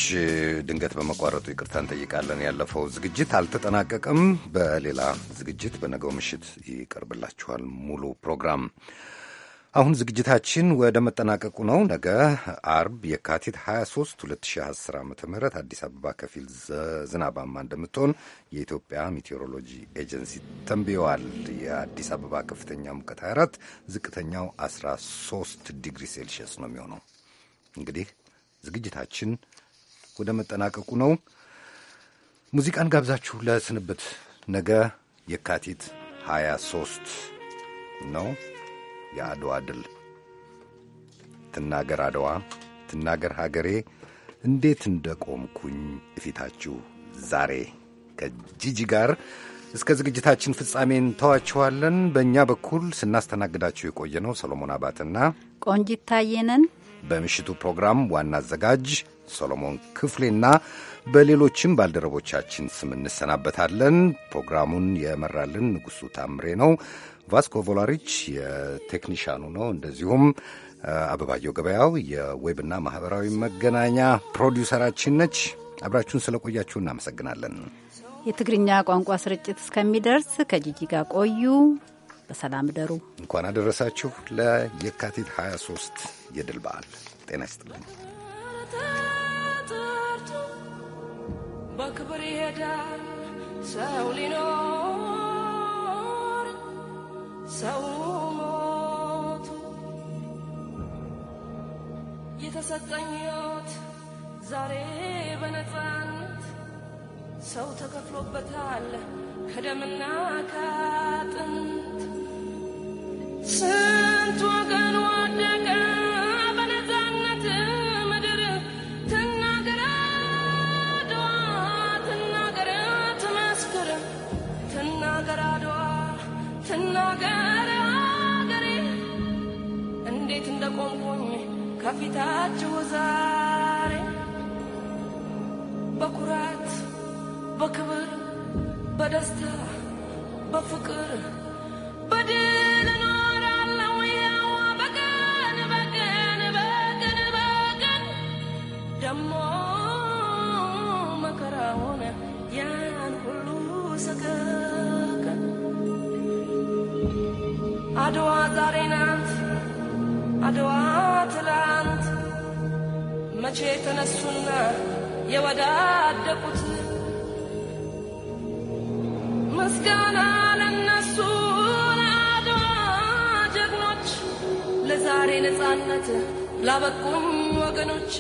ድንገት በመቋረጡ ይቅርታ እንጠይቃለን። ያለፈው ዝግጅት አልተጠናቀቀም። በሌላ ዝግጅት በነገው ምሽት ይቀርብላችኋል ሙሉ ፕሮግራም። አሁን ዝግጅታችን ወደ መጠናቀቁ ነው። ነገ አርብ የካቲት 23 2010 ዓ ም አዲስ አበባ ከፊል ዝናባማ እንደምትሆን የኢትዮጵያ ሜቴሮሎጂ ኤጀንሲ ተንብየዋል። የአዲስ አበባ ከፍተኛ ሙቀት 24፣ ዝቅተኛው 13 ዲግሪ ሴልሺየስ ነው የሚሆነው እንግዲህ ዝግጅታችን ወደ መጠናቀቁ ነው። ሙዚቃን ጋብዛችሁ ለስንብት ነገ የካቲት 23 ነው የአድዋ ድል። ትናገር አድዋ፣ ትናገር ሀገሬ እንዴት እንደ ቆምኩኝ እፊታችሁ ዛሬ ከጂጂ ጋር እስከ ዝግጅታችን ፍጻሜ እንተዋችኋለን። በእኛ በኩል ስናስተናግዳችሁ የቆየ ነው ሰሎሞን አባትና ቆንጂት ታየነን። በምሽቱ ፕሮግራም ዋና አዘጋጅ ሰሎሞን ክፍሌና በሌሎችም ባልደረቦቻችን ስም እንሰናበታለን። ፕሮግራሙን የመራልን ንጉሡ ታምሬ ነው። ቫስኮ ቮላሪች የቴክኒሻኑ ነው። እንደዚሁም አበባየው ገበያው የዌብና ማኅበራዊ መገናኛ ፕሮዲውሰራችን ነች። አብራችሁን ስለ ቆያችሁ እናመሰግናለን። የትግርኛ ቋንቋ ስርጭት እስከሚደርስ ከጂጂ ጋር ቆዩ። በሰላም ደሩ። እንኳን አደረሳችሁ ለየካቲት 23 የድል በዓል ጤና ይስጥልኝ። በክብር ይሄዳል ሰው ሊኖር ሰው ሞቱ የተሰጠኝት ዛሬ በነፃነት ሰው ተከፍሎበታል ከደምና ካጥንት ስንት ወገን ወደቀ በነፃነት ምድር ትናገረ አድዋ ትናገረ ትመስክር ትናገር አድዋ ትናገር አገሬ እንዴት እንደቆምኩኝ ከፊታችሁ ዛሬ በኩራት በክብር በደስታ በፍቅር አድዋ ዛሬ ናት፣ አድዋ ትላንት። መቼ ተነሱና የወዳደቁት ምስጋና ለነሱ ለአድዋ ጀግኖች፣ ለዛሬ ነፃነት ላበቁኝ ወገኖች